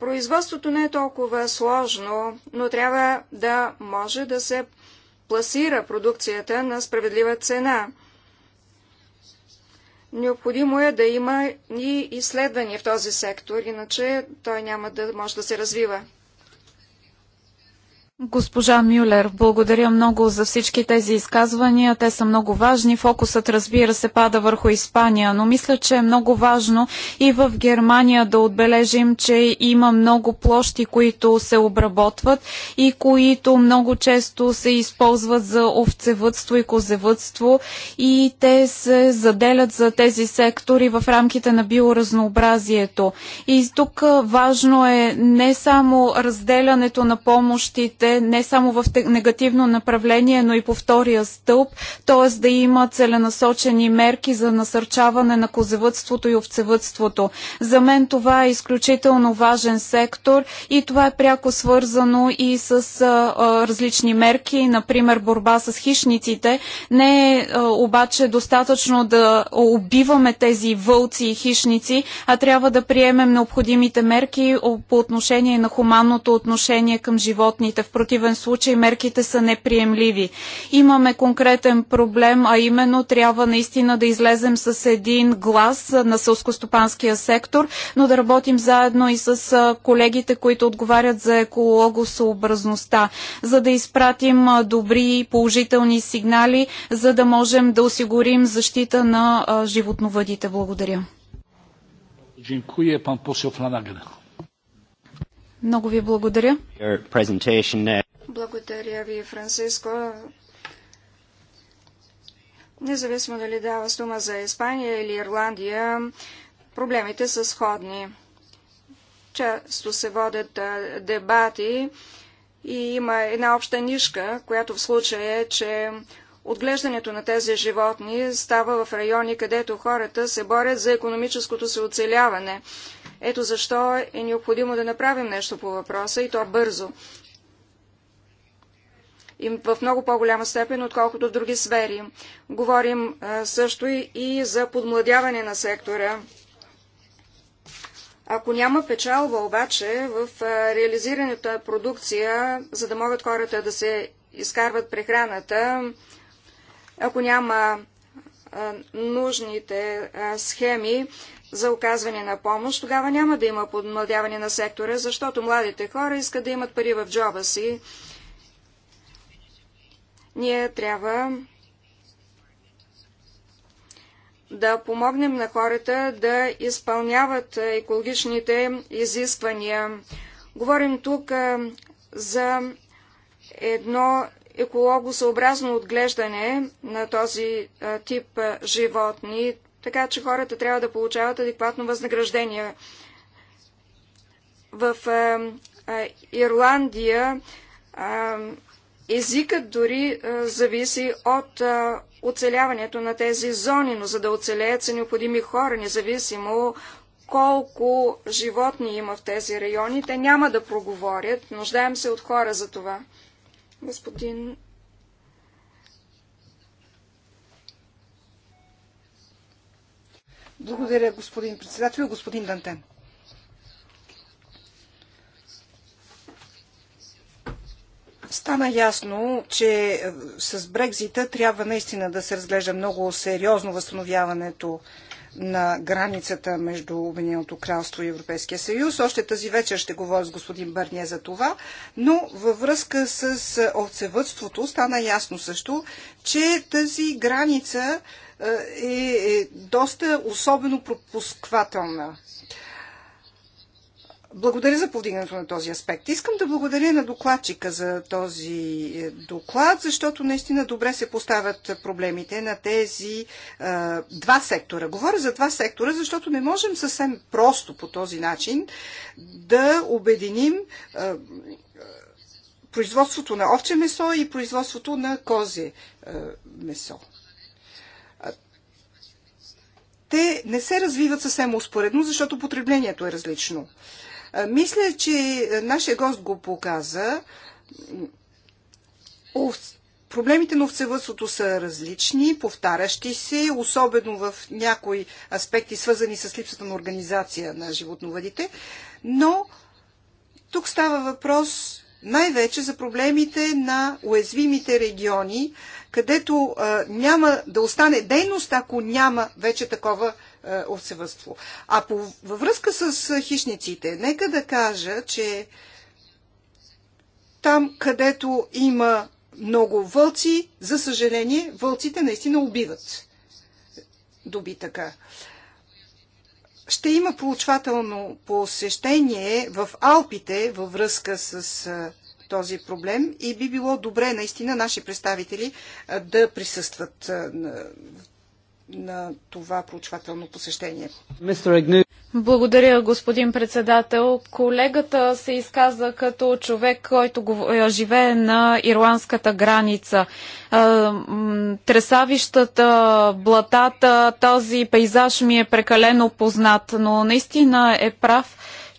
Производството не е толкова сложно, но трябва да може да се пласира продукцията на справедлива цена. Необходимо е да има и изследвания в този сектор, иначе той няма да може да се развива. Госпожа Мюлер, благодаря много за всички тези изказвания. Те са много важни. Фокусът, разбира се, пада върху Испания, но мисля, че е много важно и в Германия да отбележим, че има много площи, които се обработват и които много често се използват за овцевътство и козевътство и те се заделят за тези сектори в рамките на биоразнообразието. И тук важно е не само разделянето на помощите, бъде не само в негативно направление, но и по втория стълб, т.е. да има целенасочени мерки за насърчаване на козевътството и овцевътството. За мен това е изключително важен сектор и това е пряко свързано и с а, а, различни мерки, например борба с хищниците. Не е а, обаче достатъчно да убиваме тези вълци и хищници, а трябва да приемем необходимите мерки по отношение на хуманното отношение към животните в противен случай мерките са неприемливи. Имаме конкретен проблем, а именно трябва наистина да излезем с един глас на сълскостопанския сектор, но да работим заедно и с колегите, които отговарят за екологосъобразността, за да изпратим добри и положителни сигнали, за да можем да осигурим защита на животновъдите. Благодаря. Dziękuję pan poseł Flanagan. Много ви благодаря. Uh, благодаря ви, Франциско. Независимо дали дава стума за Испания или Ирландия, проблемите са сходни. Често се водят дебати и има една обща нишка, която в случая е, че отглеждането на тези животни става в райони, където хората се борят за економическото се оцеляване. Ето защо е необходимо да направим нещо по въпроса и то бързо. И в много по-голяма степен, отколкото в други сфери. Говорим също и, за подмладяване на сектора. Ако няма печалба обаче в реализирането на продукция, за да могат хората да се изкарват прехраната, ако няма нужните схеми за оказване на помощ, тогава няма да има подмладяване на сектора, защото младите хора искат да имат пари в джоба си. Ние трябва да помогнем на хората да изпълняват екологичните изисквания. Говорим тук за едно екологосъобразно отглеждане на този тип животни така че хората трябва да получават адекватно възнаграждение. В е, е, Ирландия е, езикът дори зависи от оцеляването на тези зони, но за да оцелеят са необходими хора, независимо колко животни има в тези райони. Те няма да проговорят. Нуждаем се от хора за това. Господин Благодаря, господин председател. Господин Дантен. Стана ясно, че с Брекзита трябва наистина да се разглежда много сериозно възстановяването на границата между Обединеното кралство и Европейския съюз. Още тази вечер ще говоря с господин Бърния за това, но във връзка с овцевътството стана ясно също, че тази граница е, е доста особено пропусквателна. Благодаря за повдигането на този аспект. Искам да благодаря на докладчика за този е, доклад, защото наистина добре се поставят проблемите на тези е, два сектора. Говоря за два сектора, защото не можем съвсем просто по този начин да обединим е, е производството на овче месо и производството на козе е, месо. Те не се развиват съвсем успоредно, защото потреблението е различно. Е, мисля, че нашия гост го показа. Проблемите на овцевътството са различни, повтарящи се, особено в някои аспекти, свързани с липсата на организация на животновъдите, но тук става въпрос най-вече за проблемите на уязвимите региони, където а, няма да остане дейност, ако няма вече такова е, овцевътство. А по, във връзка с е, хищниците, нека да кажа, че там, където има много вълци, за съжаление, вълците наистина убиват добитъка. Ще има получвателно посещение в Алпите във връзка с е, този проблем и би било добре наистина наши представители да присъстват в на това проучвателно посещение. Благодаря, господин председател. Колегата се изказа като човек, който е, живее на ирландската граница. Тресавищата, блатата, този пейзаж ми е прекалено познат, но наистина е прав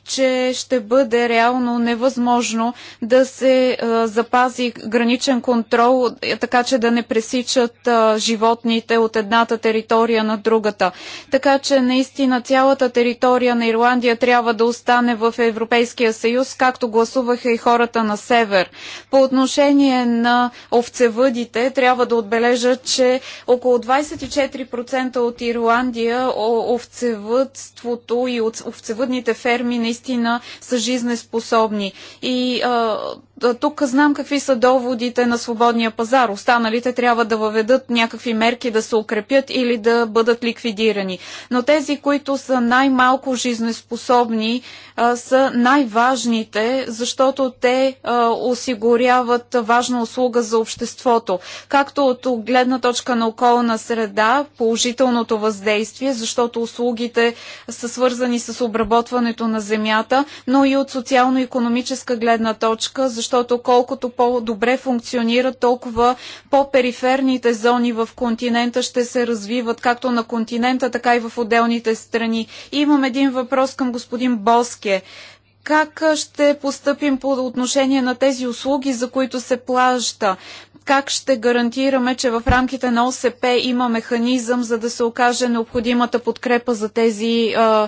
че ще бъде реално невъзможно да се запази граничен контрол, е, така че да не пресичат животните от едната територия на другата. Така че наистина цялата територия на Ирландия трябва да остане в Европейския съюз, както гласуваха и хората на север. По отношение на овцевъдите, трябва да отбележа, че около 24% от Ирландия овцевъдството и овцевъдните ферми не наистина са жизнеспособни. И а, тук знам какви са доводите на свободния пазар. Останалите трябва да въведат някакви мерки да се укрепят или да бъдат ликвидирани. Но тези, които са най-малко жизнеспособни, са най-важните, защото те осигуряват важна услуга за обществото. Както от гледна точка на околна среда, положителното въздействие, защото услугите са свързани с обработването на земята, но и от социално-економическа гледна точка, защото защото колкото по-добре функционира, толкова по-периферните зони в континента ще се развиват, както на континента, така и в отделните страни. И имам един въпрос към господин Боске как ще постъпим по отношение на тези услуги, за които се плаща? Как ще гарантираме, че в рамките на ОСП има механизъм, за да се окаже необходимата подкрепа за тези а,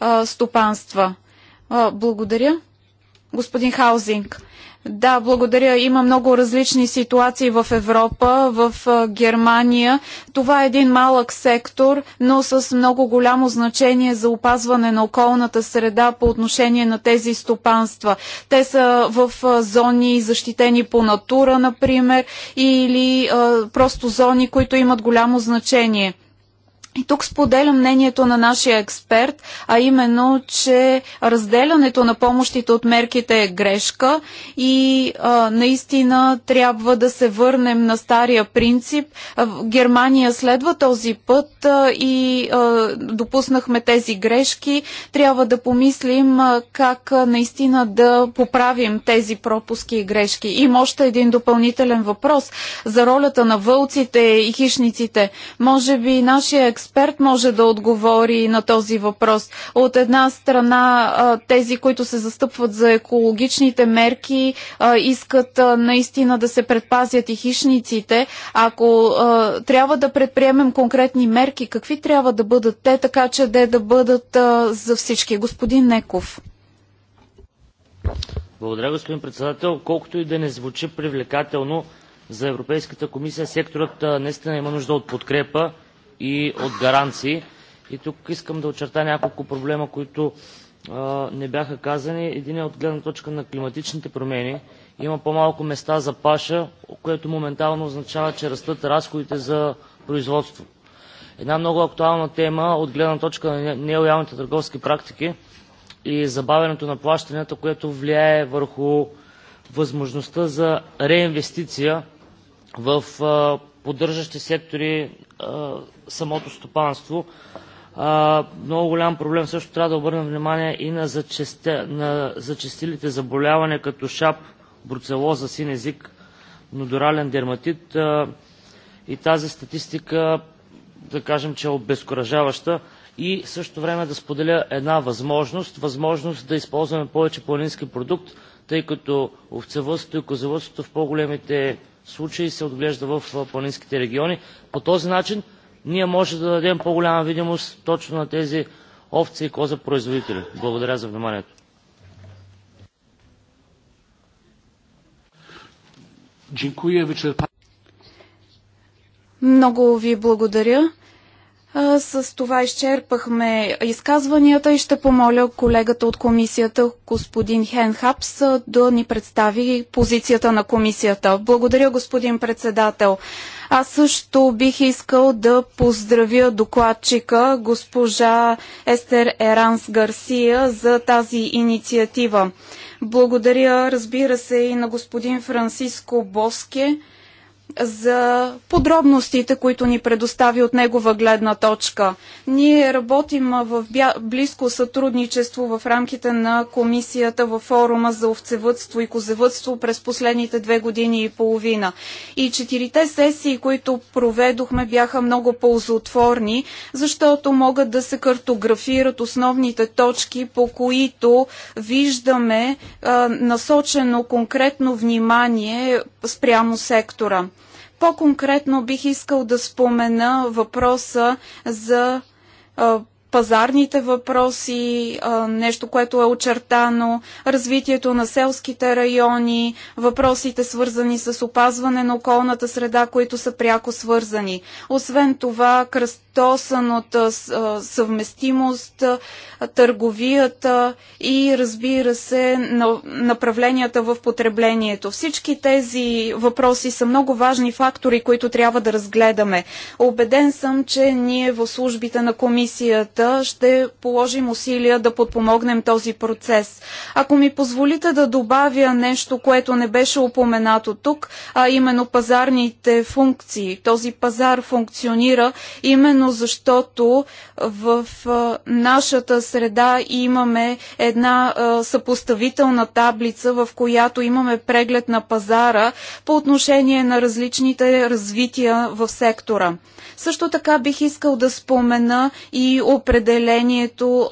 а, стопанства? А, благодаря. Господин Хаузинг. Да, благодаря. Има много различни ситуации в Европа, в Германия. Това е един малък сектор, но с много голямо значение за опазване на околната среда по отношение на тези стопанства. Те са в зони защитени по натура, например, или а, просто зони, които имат голямо значение. И тук споделя мнението на нашия експерт, а именно, че разделянето на помощите от мерките е грешка и а, наистина трябва да се върнем на стария принцип. Германия следва този път а, и а, допуснахме тези грешки. Трябва да помислим а, как а, наистина да поправим тези пропуски и грешки. Има още един допълнителен въпрос за ролята на вълците и хищниците. Може би нашия експерт експерт може да отговори на този въпрос. От една страна тези, които се застъпват за екологичните мерки, искат наистина да се предпазят и хищниците. Ако трябва да предприемем конкретни мерки, какви трябва да бъдат те, така че де да бъдат за всички? Господин Неков. Благодаря, господин председател. Колкото и да не звучи привлекателно, за Европейската комисия секторът наистина има нужда от подкрепа и от гаранции. И тук искам да очертая няколко проблема, които не бяха казани. Един е от гледна точка на климатичните промени. Има по-малко места за паша, което моментално означава, че растат разходите за производство. Една много актуална тема от гледна точка на нелоялните търговски практики и забавянето на плащанията, което влияе върху възможността за реинвестиция в поддържащи сектори а, самото стопанство. А, много голям проблем също трябва да обърнем внимание и на, зачесте, на зачестилите заболявания като шап, бруцелоза, син език, нодорален дерматит. А, и тази статистика, да кажем, че е обезкуражаваща. И също време да споделя една възможност, възможност да използваме повече планински продукт, тъй като овцевъдството и козевъдството в по-големите случай се отглежда в планинските региони. По този начин ние може да дадем по-голяма видимост точно на тези овци и коза производители. Благодаря за вниманието. Много ви благодаря. С това изчерпахме изказванията и ще помоля колегата от комисията, господин Хен Хапс, да ни представи позицията на комисията. Благодаря, господин председател. Аз също бих искал да поздравя докладчика, госпожа Естер Еранс Гарсия, за тази инициатива. Благодаря, разбира се, и на господин Франциско Боске за подробностите, които ни предостави от негова гледна точка. Ние работим в близко сътрудничество в рамките на комисията във форума за овцевътство и козевътство през последните две години и половина. И четирите сесии, които проведохме, бяха много ползотворни, защото могат да се картографират основните точки, по които виждаме а, насочено конкретно внимание спрямо сектора. По-конкретно бих искал да спомена въпроса за пазарните въпроси, нещо, което е очертано, развитието на селските райони, въпросите свързани с опазване на околната среда, които са пряко свързани. Освен това, кръстосаната съвместимост, търговията и разбира се направленията в потреблението. Всички тези въпроси са много важни фактори, които трябва да разгледаме. Обеден съм, че ние в службите на комисията комисията ще положим усилия да подпомогнем този процес. Ако ми позволите да добавя нещо, което не беше упоменато тук, а именно пазарните функции. Този пазар функционира именно защото в нашата среда имаме една съпоставителна таблица, в която имаме преглед на пазара по отношение на различните развития в сектора. Също така бих искал да спомена и определението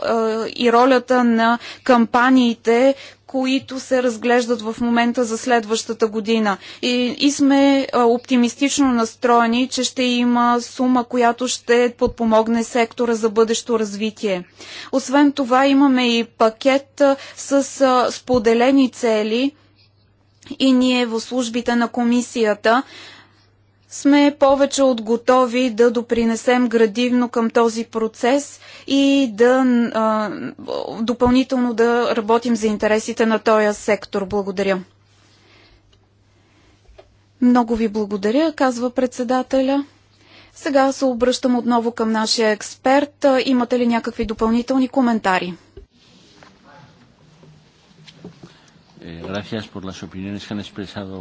и ролята на кампаниите, които се разглеждат в момента за следващата година. И, и сме а, оптимистично настроени, че ще има сума, която ще подпомогне сектора за бъдещо развитие. Освен това имаме и пакет а, с а, споделени цели и ние в службите на комисията сме повече от готови да допринесем градивно към този процес и да а, допълнително да работим за интересите на този сектор. Благодаря. Много ви благодаря, казва председателя. Сега се обръщам отново към нашия експерт. Имате ли някакви допълнителни коментари? Eh, gracias por las opiniones que han expresado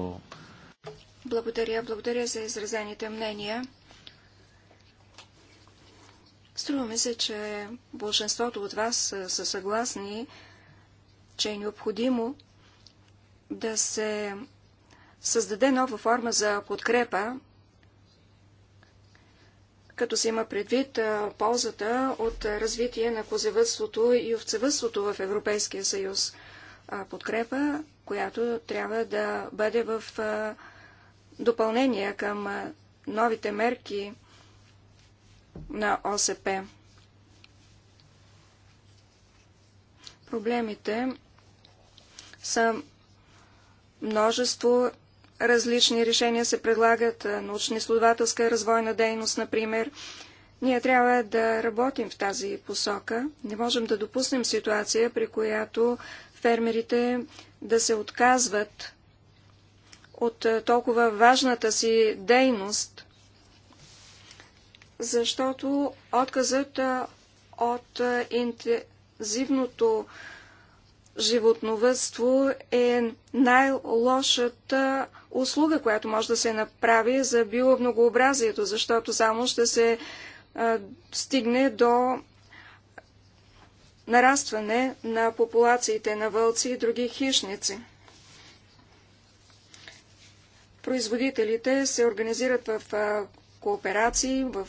благодаря, благодаря за изразените мнения. Струва ми се, че большинството от вас са, са съгласни, че е необходимо да се създаде нова форма за подкрепа, като се има предвид ползата от развитие на козевътството и овцевътството в Европейския съюз. Подкрепа, която трябва да бъде в допълнение към новите мерки на ОСП. Проблемите са множество различни решения се предлагат, научно-изследователска развойна дейност, например. Ние трябва да работим в тази посока. Не можем да допуснем ситуация, при която фермерите да се отказват от е, толкова важната си дейност, защото отказът е, от е, интензивното животновътство е най-лошата услуга, която може да се направи за биомногообразието, защото само ще се стигне до нарастване на популациите на вълци и други хищници. Производителите се организират в кооперации, в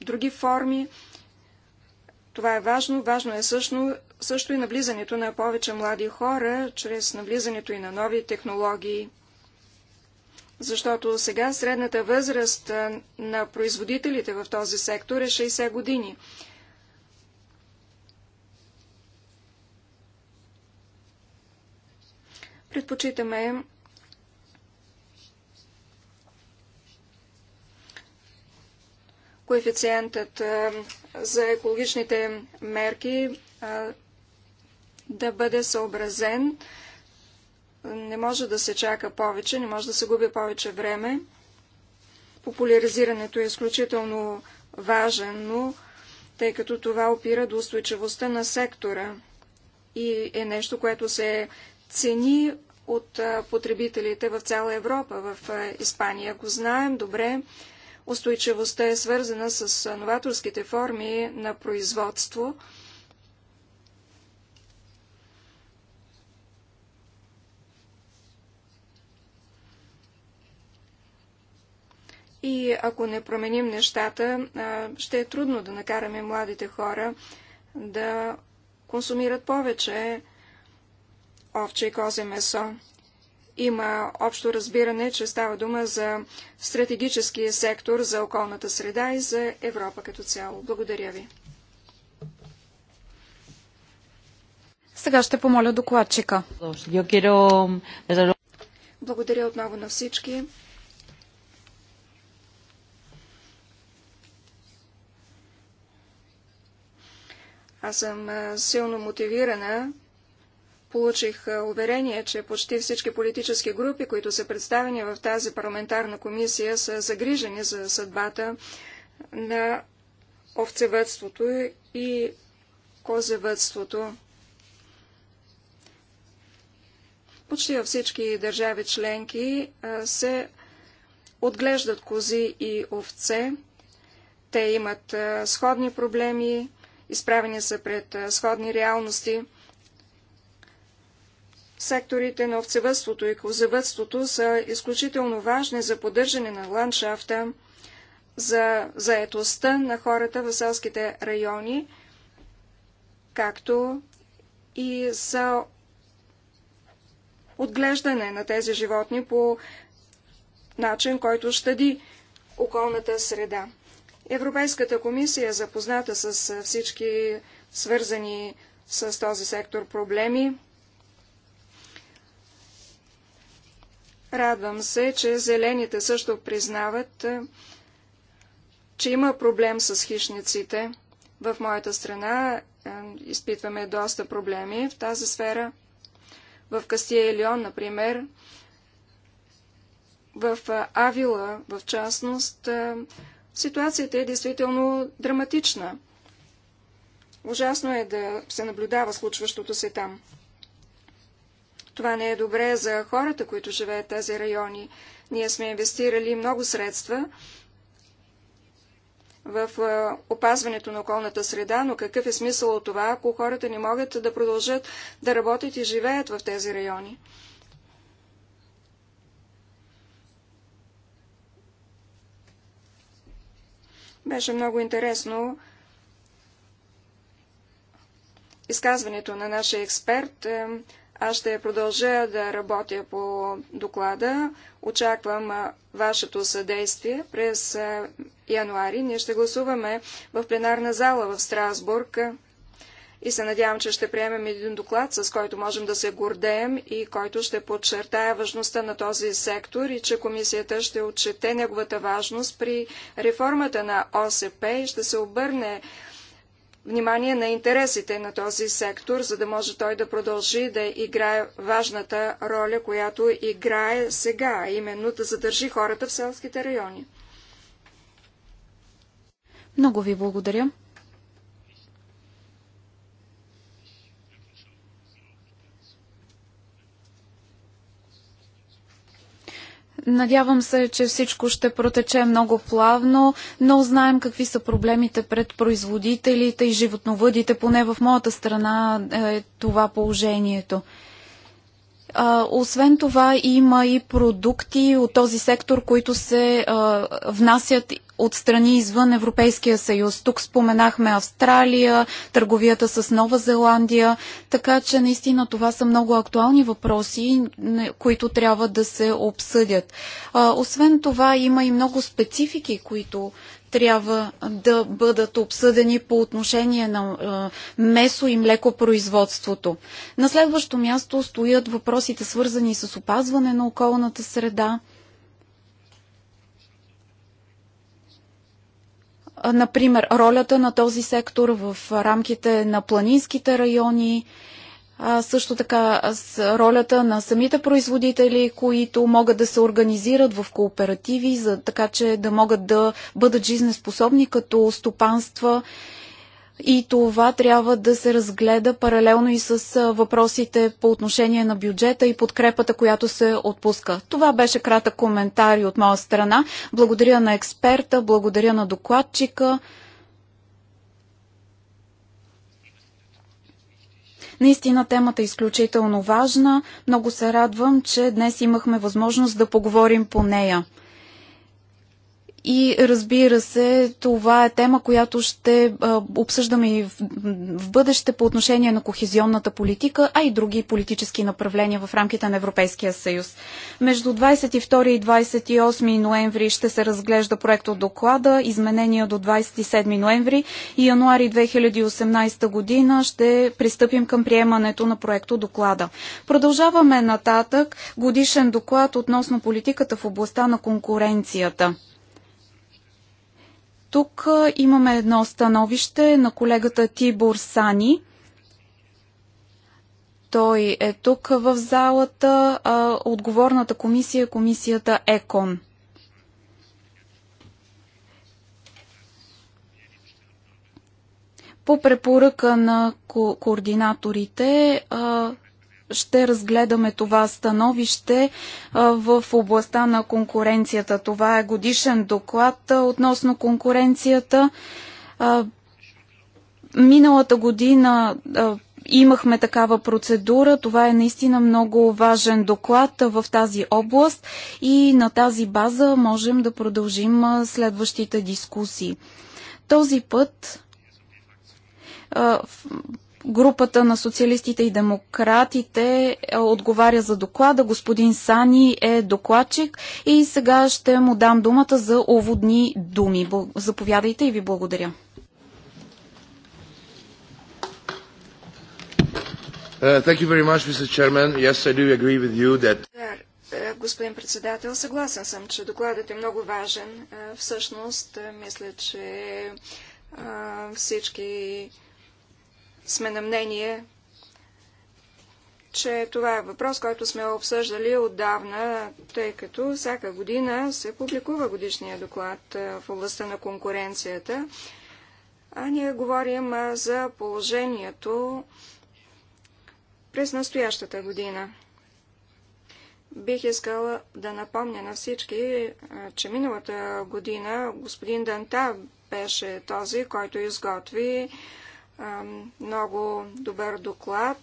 други форми. Това е важно. Важно е също, също и навлизането на повече млади хора, чрез навлизането и на нови технологии. Защото сега средната възраст на производителите в този сектор е 60 години. Предпочитаме коефициентът за екологичните мерки да бъде съобразен. Не може да се чака повече, не може да се губи повече време. Популяризирането е изключително важно, тъй като това опира до устойчивостта на сектора и е нещо, което се цени от потребителите в цяла Европа, в Испания. Ако знаем добре, Устойчивостта е свързана с новаторските форми на производство. И ако не променим нещата, ще е трудно да накараме младите хора да консумират повече овче и козе месо има общо разбиране, че става дума за стратегическия сектор за околната среда и за Европа като цяло. Благодаря ви. Сега ще помоля докладчика. Благодаря отново на всички. Аз съм силно мотивирана Получих уверение, че почти всички политически групи, които са представени в тази парламентарна комисия, са загрижени за съдбата на овцевътството и козевътството. Почти във всички държави членки се отглеждат кози и овце. Те имат сходни проблеми, изправени са пред сходни реалности – Секторите на овцевътството и козевътството са изключително важни за поддържане на ландшафта, за заетостта на хората в селските райони, както и за отглеждане на тези животни по начин, който щади околната среда. Европейската комисия е запозната с всички свързани с този сектор проблеми. Радвам се, че зелените също признават, е, че има проблем с хищниците. В моята страна е, изпитваме доста проблеми в тази сфера. В Кастия и Лион, например, в е, Авила, в частност, ситуацията е действително драматична. Ужасно е да се наблюдава случващото се там. Това не е добре за хората, които живеят в тези райони. Ние сме инвестирали много средства в опазването на околната среда, но какъв е смисъл от това, ако хората не могат да продължат да работят и живеят в тези райони? Беше много интересно изказването на нашия експерт. Аз ще продължа да работя по доклада. Очаквам вашето съдействие. През януари ние ще гласуваме в пленарна зала в Страсбург и се надявам, че ще приемем един доклад, с който можем да се гордеем и който ще подчертая важността на този сектор и че комисията ще отчете неговата важност при реформата на ОСП и ще се обърне внимание на интересите на този сектор, за да може той да продължи да играе важната роля, която играе сега, именно да задържи хората в селските райони. Много ви благодаря. Надявам се, че всичко ще протече много плавно, но знаем какви са проблемите пред производителите и животновъдите, поне в моята страна е това положението. А, освен това има и продукти от този сектор, които се а, внасят от страни извън Европейския съюз. Тук споменахме Австралия, търговията с Нова Зеландия, така че наистина това са много актуални въпроси, които трябва да се обсъдят. А, освен това има и много специфики, които трябва да бъдат обсъдени по отношение на месо и млекопроизводството. На следващо място стоят въпросите свързани с опазване на околната среда, например, ролята на този сектор в рамките на планинските райони а, също така с ролята на самите производители, които могат да се организират в кооперативи, за, така че да могат да бъдат жизнеспособни като стопанства. И това трябва да се разгледа паралелно и с въпросите по отношение на бюджета и подкрепата, която се отпуска. Това беше кратък коментар от моя страна. Благодаря на експерта, благодаря на докладчика. Наистина темата е изключително важна. Много се радвам, че днес имахме възможност да поговорим по нея. И разбира се, това е тема, която ще обсъждаме и в бъдеще по отношение на кохезионната политика, а и други политически направления в рамките на Европейския съюз. Между 22 и 28 ноември ще се разглежда проект от доклада, изменения до 27 ноември и януари 2018 година ще пристъпим към приемането на проекто доклада. Продължаваме нататък годишен доклад относно политиката в областта на конкуренцията. Тук имаме едно становище на колегата Тибор Сани. Той е тук в залата. отговорната комисия е комисията ЕКОН. По препоръка на ко- координаторите а, ще разгледаме това становище в областта на конкуренцията. Това е годишен доклад относно конкуренцията. Миналата година имахме такава процедура. Това е наистина много важен доклад в тази област и на тази база можем да продължим следващите дискусии. Този път Групата на социалистите и демократите е, отговаря за доклада. Господин Сани е докладчик и сега ще му дам думата за оводни думи. Заповядайте и ви благодаря. Uh, е, е, господин председател, съгласен съм, че докладът е много важен. Всъщност, мисля, че всички сме на мнение, че това е въпрос, който сме обсъждали отдавна, тъй като всяка година се публикува годишния доклад в областта на конкуренцията, а ние говорим за положението през настоящата година. Бих искала да напомня на всички, че миналата година господин Данта беше този, който изготви много добър доклад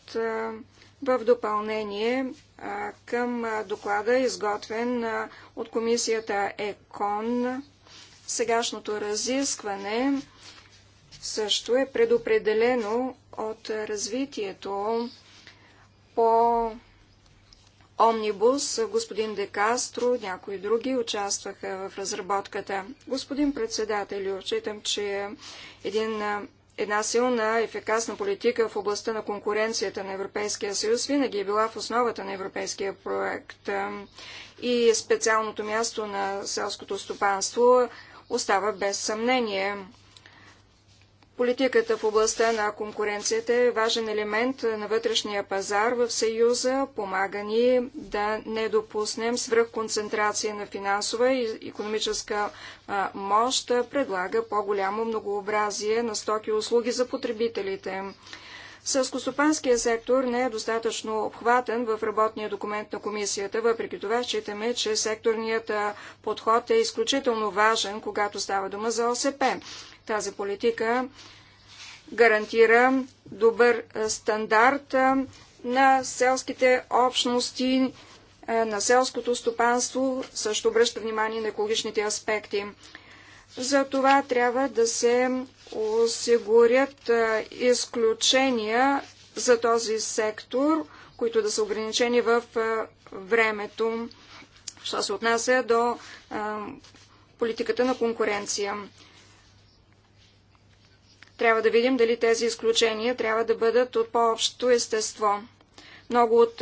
в допълнение към доклада, изготвен от комисията ЕКОН. Сегашното разискване също е предопределено от развитието по Омнибус, господин Декастро, някои други участваха в разработката. Господин председател, отчитам, че един една силна, ефикасна политика в областта на конкуренцията на Европейския съюз винаги е била в основата на европейския проект и специалното място на селското стопанство остава без съмнение. Политиката в областта на конкуренцията е важен елемент на вътрешния пазар в Съюза, помага ни да не допуснем свръхконцентрация на финансова и економическа мощ, предлага по-голямо многообразие на стоки и услуги за потребителите. Съскостопанския сектор не е достатъчно обхватен в работния документ на комисията. Въпреки това считаме, че секторният подход е изключително важен, когато става дума за ОСП. Тази политика гарантира добър стандарт на селските общности, на селското стопанство, също обръща внимание на екологичните аспекти. За това трябва да се осигурят изключения за този сектор, които да са ограничени в времето, що се отнася до политиката на конкуренция. Трябва да видим дали тези изключения трябва да бъдат от по-общо естество. Много от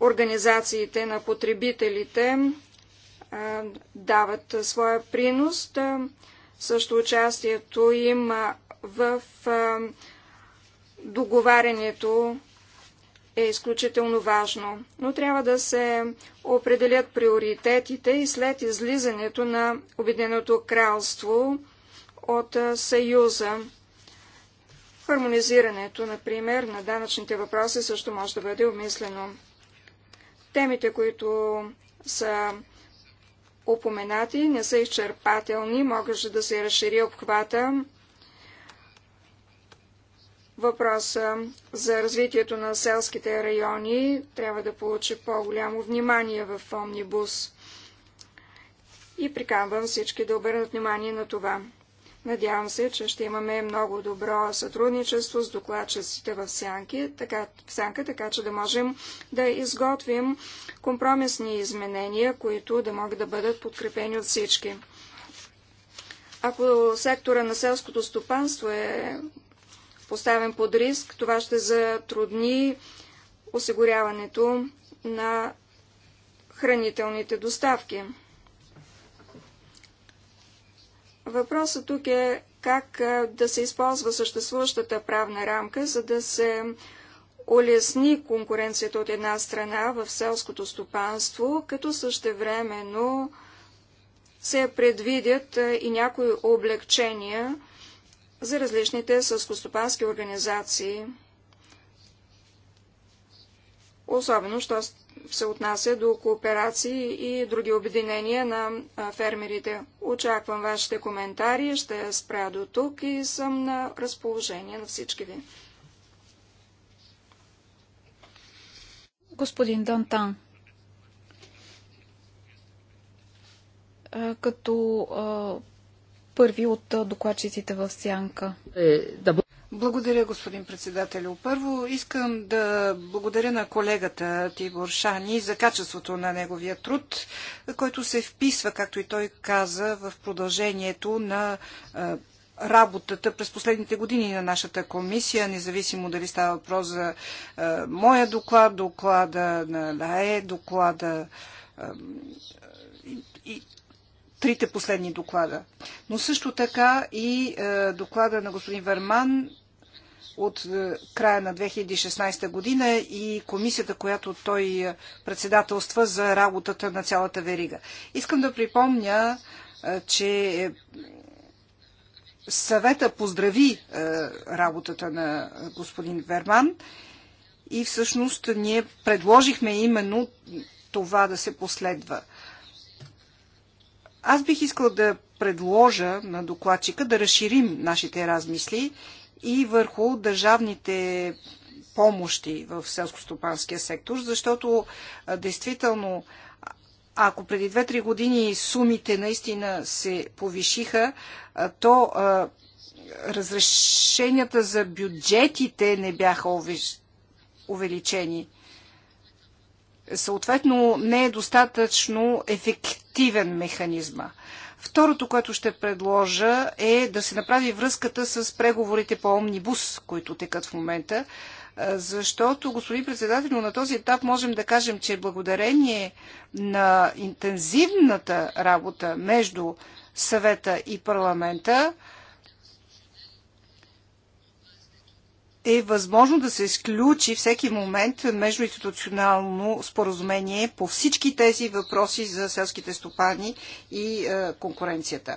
организациите на потребителите дават своя принос, също участието им в договарянето е изключително важно, но трябва да се определят приоритетите и след излизането на Обединеното кралство от Съюза. Хармонизирането, например, на данъчните въпроси също може да бъде обмислено. Темите, които са упоменати, не са изчерпателни, може да се разшири обхвата. Въпроса за развитието на селските райони трябва да получи по-голямо внимание в Омнибус. И приканвам всички да обърнат внимание на това. Надявам се, че ще имаме много добро сътрудничество с докладчиците в, сянки, така, в сянка, така че да можем да изготвим компромисни изменения, които да могат да бъдат подкрепени от всички. Ако сектора на селското стопанство е поставен под риск, това ще затрудни осигуряването на хранителните доставки. Въпросът тук е как да се използва съществуващата правна рамка, за да се улесни конкуренцията от една страна в селското стопанство, като същевременно се предвидят и някои облегчения за различните сълскостопански организации, особено що се отнася до кооперации и други обединения на фермерите. Очаквам вашите коментари, ще спря до тук и съм на разположение на всички ви. Господин Дантан, като първи от докладчиците в Сянка. Е, да бъ... Благодаря, господин председател. Първо искам да благодаря на колегата Тибор Шани за качеството на неговия труд, който се вписва, както и той каза, в продължението на работата през последните години на нашата комисия, независимо дали става въпрос за моя доклад, доклада на ЛАЕ, доклада и трите последни доклада. Но също така и доклада на господин Верман от е, края на 2016 година и комисията, която той е, председателства за работата на цялата верига. Искам да припомня, е, че съвета поздрави работата на господин Верман и всъщност ние предложихме именно това да се последва. Аз бих искал да предложа на докладчика да разширим нашите размисли и върху държавните помощи в селско-стопанския сектор, защото действително ако преди 2-3 години сумите наистина се повишиха, то разрешенията за бюджетите не бяха увеличени. Съответно, не е достатъчно ефективен механизма. Второто, което ще предложа е да се направи връзката с преговорите по Омнибус, които текат в момента, защото, господин председател, на този етап можем да кажем, че благодарение на интензивната работа между съвета и парламента, е възможно да се изключи всеки момент междуинституционално споразумение по всички тези въпроси за селските стопани и е, конкуренцията.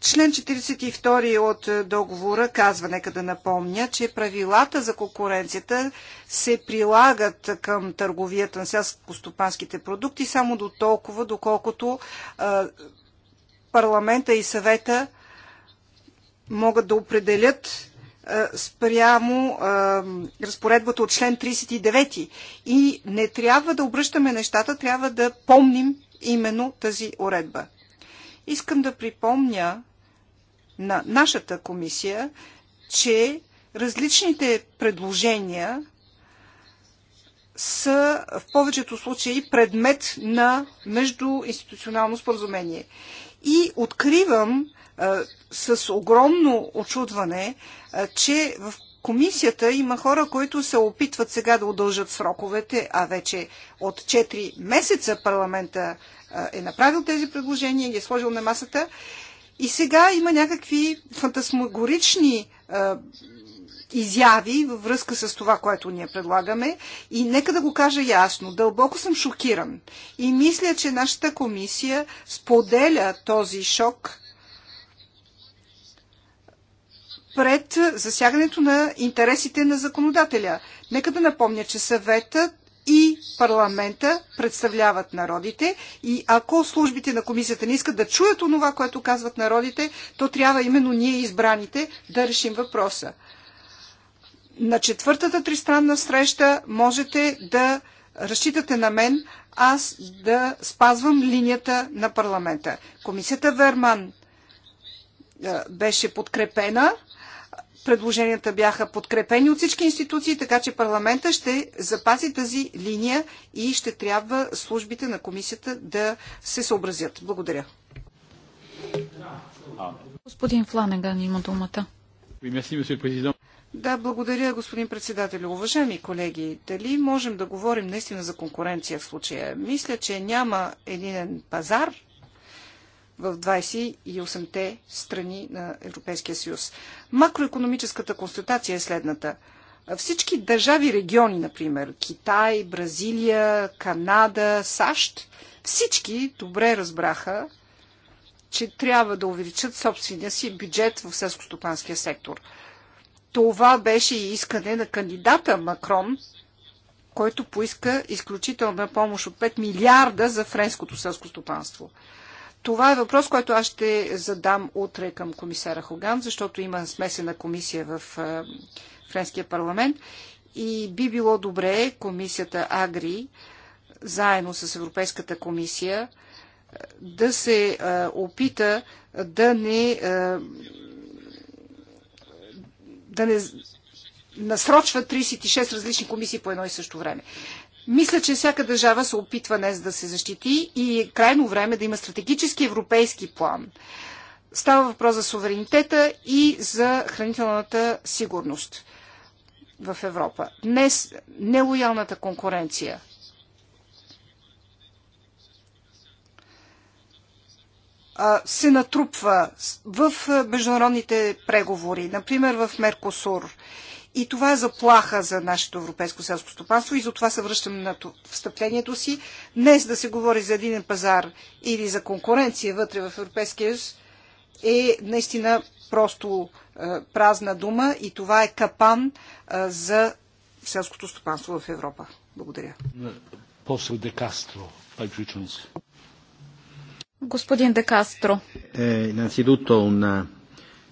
Член 42 от е, договора казва, нека да напомня, че правилата за конкуренцията се прилагат към търговията на селско-стопанските продукти само до толкова, доколкото е, парламента и съвета могат да определят е, спрямо е, разпоредбата от член 39. И не трябва да обръщаме нещата, трябва да помним именно тази уредба. Искам да припомня на нашата комисия, че различните предложения са в повечето случаи предмет на междуинституционално споразумение. И откривам с огромно очудване, че в комисията има хора, които се опитват сега да удължат сроковете, а вече от 4 месеца парламента е направил тези предложения и ги е сложил на масата. И сега има някакви фантасмагорични изяви във връзка с това, което ние предлагаме. И нека да го кажа ясно, дълбоко съм шокиран. И мисля, че нашата комисия споделя този шок пред засягането на интересите на законодателя. Нека да напомня, че съветът и парламента представляват народите и ако службите на комисията не искат да чуят онова, което казват народите, то трябва именно ние избраните да решим въпроса. На четвъртата тристранна среща можете да разчитате на мен аз да спазвам линията на парламента. Комисията Верман е, беше подкрепена Предложенията бяха подкрепени от всички институции, така че парламента ще запази тази линия и ще трябва службите на комисията да се съобразят. Благодаря. Господин Фланеган има думата. Да, благодаря, господин председател. Уважаеми колеги, дали можем да говорим наистина за конкуренция в случая? Мисля, че няма един пазар, в 28-те страни на Европейския съюз. Макроекономическата констатация е следната. Всички държави региони, например Китай, Бразилия, Канада, САЩ, всички добре разбраха, че трябва да увеличат собствения си бюджет в селско-стопанския сектор. Това беше и искане на кандидата Макрон, който поиска изключителна помощ от 5 милиарда за френското селско стопанство. Това е въпрос, който аз ще задам утре към комисара Хоган, защото има смесена комисия в Френския парламент и би било добре комисията Агри заедно с Европейската комисия да се опита да не да не насрочва 36 различни комисии по едно и също време. Мисля, че всяка държава се опитва днес да се защити и е крайно време да има стратегически европейски план. Става въпрос за суверенитета и за хранителната сигурност в Европа. Днес нелоялната конкуренция. се натрупва в международните преговори, например в Меркосур. И това е заплаха за нашето европейско селско стопанство и затова се връщам на встъплението си. Днес да се говори за един пазар или за конкуренция вътре в Европейския съюз е наистина просто е, празна дума и това е капан е, за селското стопанство в Европа. Благодаря. Посъл Де Кастро, Господин Де Кастро. Е,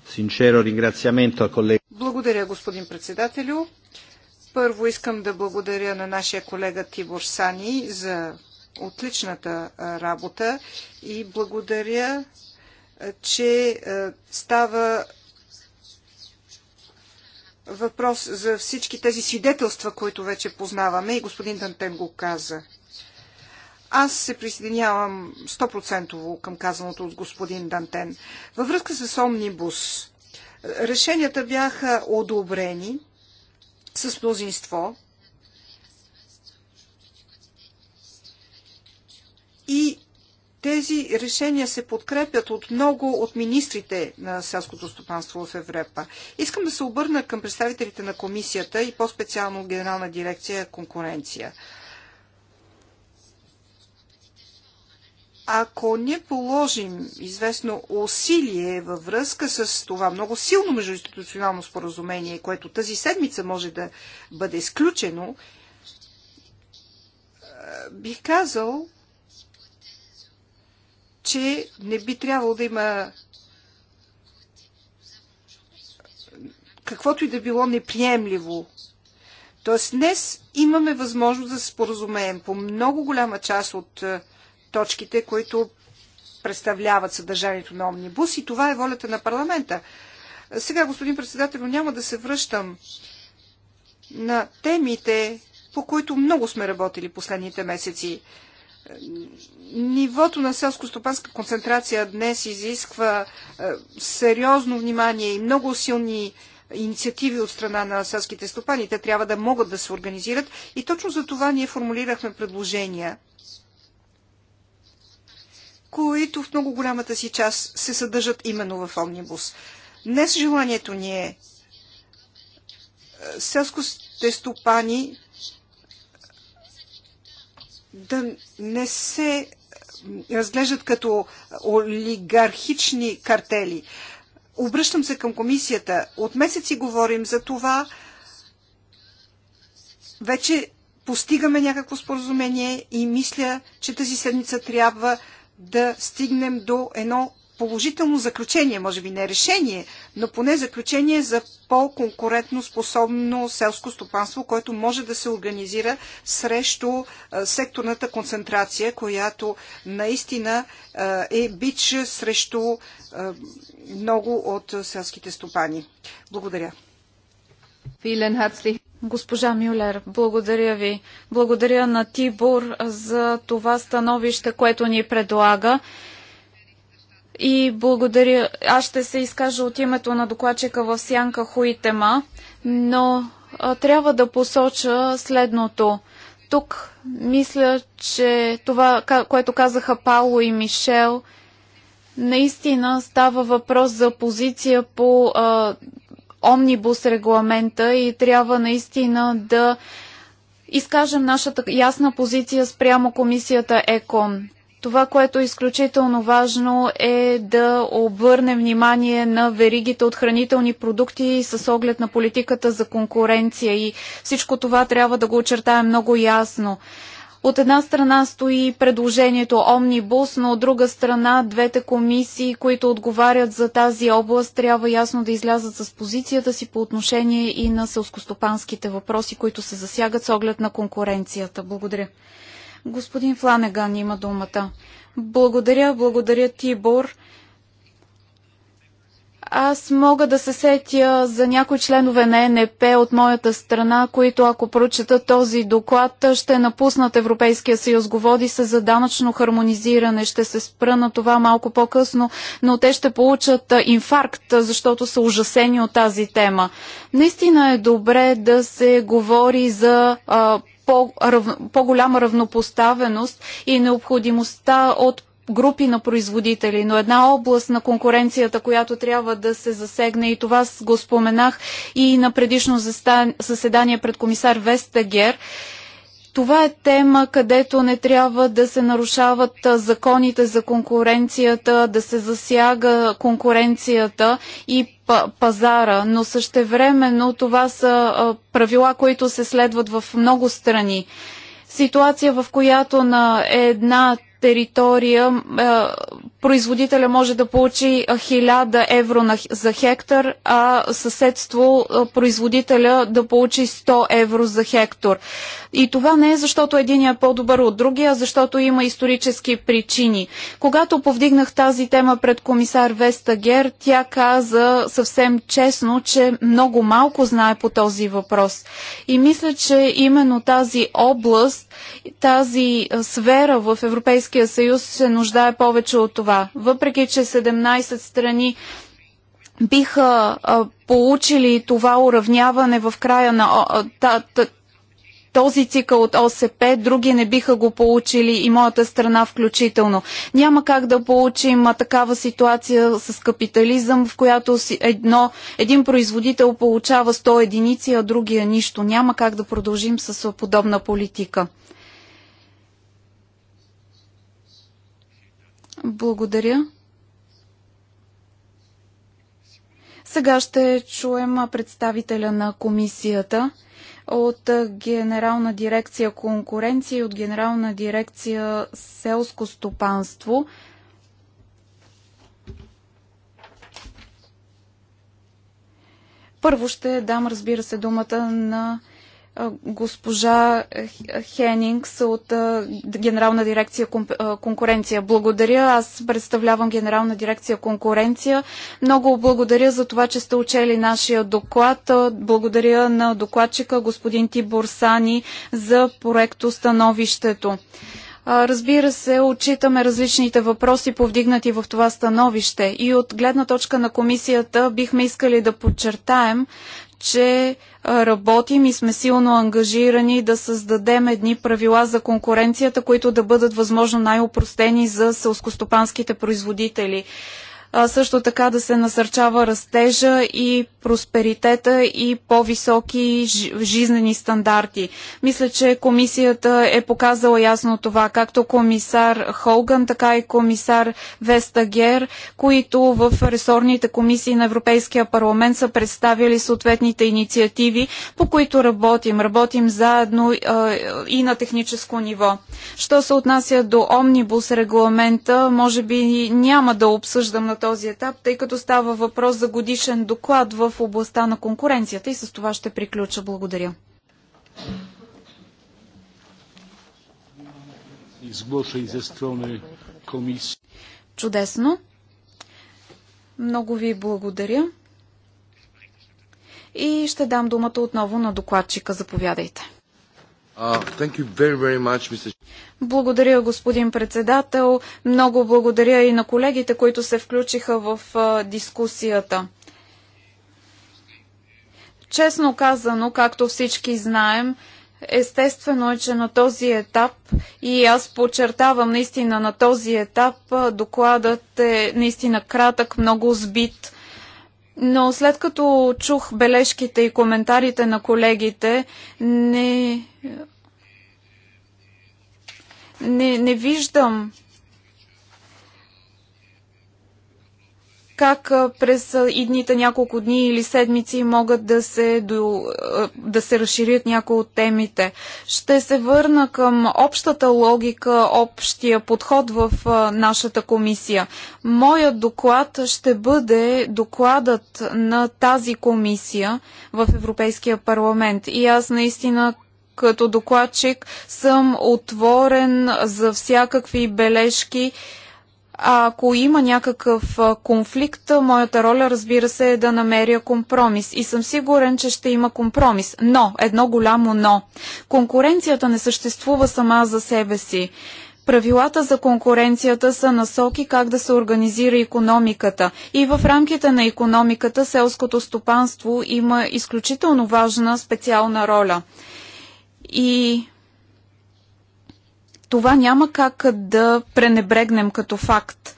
un sincero ringraziamento al collega благодаря, господин председателю. Първо искам да благодаря на нашия колега Тибор Сани за отличната работа и благодаря, че става въпрос за всички тези свидетелства, които вече познаваме и господин Дантен го каза. Аз се присъединявам 100% към казаното от господин Дантен. Във връзка с Омнибус, Решенията бяха одобрени с мнозинство и тези решения се подкрепят от много от министрите на селското стопанство в Европа. Искам да се обърна към представителите на комисията и по-специално Генерална дирекция конкуренция. ако ние положим известно усилие във връзка с това много силно междуинституционално споразумение, което тази седмица може да бъде изключено, бих казал, че не би трябвало да има каквото и да било неприемливо. Тоест, днес имаме възможност да се споразумеем по много голяма част от точките, които представляват съдържанието на омнибус и това е волята на парламента. Сега, господин председател, няма да се връщам на темите, по които много сме работили последните месеци. Нивото на селско-стопанска концентрация днес изисква е, сериозно внимание и много силни инициативи от страна на селските стопани. Те трябва да могат да се организират и точно за това ние формулирахме предложения които в много голямата си част се съдържат именно в Омнибус. Днес желанието ни е, е селските стопани да не се разглеждат като олигархични картели. Обръщам се към комисията. От месеци говорим за това. Вече постигаме някакво споразумение и мисля, че тази седмица трябва да стигнем до едно положително заключение, може би не решение, но поне заключение за по-конкурентно способно селско стопанство, което може да се организира срещу секторната концентрация, която наистина е бич срещу много от селските стопани. Благодаря. Госпожа Мюлер, благодаря ви. Благодаря на Тибор за това становище, което ни предлага. И благодаря. Аз ще се изкажа от името на докладчика в Сянка Хуитема, но трябва да посоча следното. Тук мисля, че това, което казаха Пауло и Мишел, наистина става въпрос за позиция по а, омнибус регламента и трябва наистина да изкажем нашата ясна позиция спрямо комисията ЕКОН. Това, което е изключително важно е да обърнем внимание на веригите от хранителни продукти с оглед на политиката за конкуренция и всичко това трябва да го очертаем много ясно. От една страна стои предложението Омнибус, но от друга страна двете комисии, които отговарят за тази област, трябва ясно да излязат с позицията си по отношение и на селскостопанските въпроси, които се засягат с оглед на конкуренцията. Благодаря. Господин Фланеган има думата. Благодаря, благодаря Тибор. Аз мога да се сетя за някои членове на НП от моята страна, които ако прочета този доклад, ще напуснат Европейския съюз. Говори се за данъчно хармонизиране. Ще се спра на това малко по-късно, но те ще получат инфаркт, защото са ужасени от тази тема. Наистина е добре да се говори за по-голяма равнопоставеност и необходимостта от групи на производители, но една област на конкуренцията, която трябва да се засегне и това го споменах и на предишно заседание пред комисар Вестагер. Това е тема, където не трябва да се нарушават законите за конкуренцията, да се засяга конкуренцията и пазара, но същевременно това са правила, които се следват в много страни ситуация, в която на една територия е, производителя може да получи 1000 е, евро за хектар, а съседство е, производителя да получи 100 евро за хектар. И това не е защото един е по-добър от другия, а защото има исторически причини. Когато повдигнах тази тема пред комисар Вестагер, тя каза съвсем честно, че много малко знае по този въпрос. И мисля, че именно тази област, тази сфера в Европейския Европейския съюз се нуждае повече от това. Въпреки, че 17 страни биха получили това уравняване в края на този цикъл от ОСП, други не биха го получили и моята страна включително. Няма как да получим такава ситуация с капитализъм, в която едно, един производител получава 100 единици, а другия нищо. Няма как да продължим с подобна политика. Благодаря. Сега ще чуем представителя на комисията от Генерална дирекция конкуренция и от Генерална дирекция селско стопанство. Първо ще дам, разбира се, думата на госпожа Хенингс от Генерална дирекция конкуренция. Благодаря. Аз представлявам Генерална дирекция конкуренция. Много благодаря за това, че сте учели нашия доклад. Благодаря на докладчика господин Тибор Сани за проекто становището. Разбира се, отчитаме различните въпроси, повдигнати в това становище. И от гледна точка на комисията бихме искали да подчертаем, че работим и сме силно ангажирани да създадем едни правила за конкуренцията, които да бъдат възможно най-опростени за селскостопанските производители а, също така да се насърчава растежа и просперитета и по-високи жизнени стандарти. Мисля, че комисията е показала ясно това, както комисар Холган, така и комисар Вестагер, които в ресорните комисии на Европейския парламент са представили съответните инициативи, по които работим. Работим заедно а, и на техническо ниво. Що се отнася до омнибус регламента, може би няма да обсъждам на този етап, тъй като става въпрос за годишен доклад в областта на конкуренцията и с това ще приключа. Благодаря. Чудесно. Много ви благодаря. И ще дам думата отново на докладчика. Заповядайте. Uh, благодаря, господин председател. Много благодаря и на колегите, които се включиха в дискусията. Честно казано, както всички знаем, естествено е, че на този етап, и аз подчертавам наистина на този етап, докладът е наистина кратък, много сбит но след като чух бележките и коментарите на колегите, не, не, не виждам как през идните няколко дни или седмици могат да се, до, да се разширят някои от темите. Ще се върна към общата логика, общия подход в нашата комисия. Моят доклад ще бъде докладът на тази комисия в Европейския парламент. И аз наистина като докладчик съм отворен за всякакви бележки ако има някакъв конфликт, моята роля, разбира се, е да намеря компромис. И съм сигурен, че ще има компромис. Но, едно голямо но. Конкуренцията не съществува сама за себе си. Правилата за конкуренцията са насоки как да се организира економиката. И в рамките на економиката селското стопанство има изключително важна специална роля. И това няма как да пренебрегнем като факт.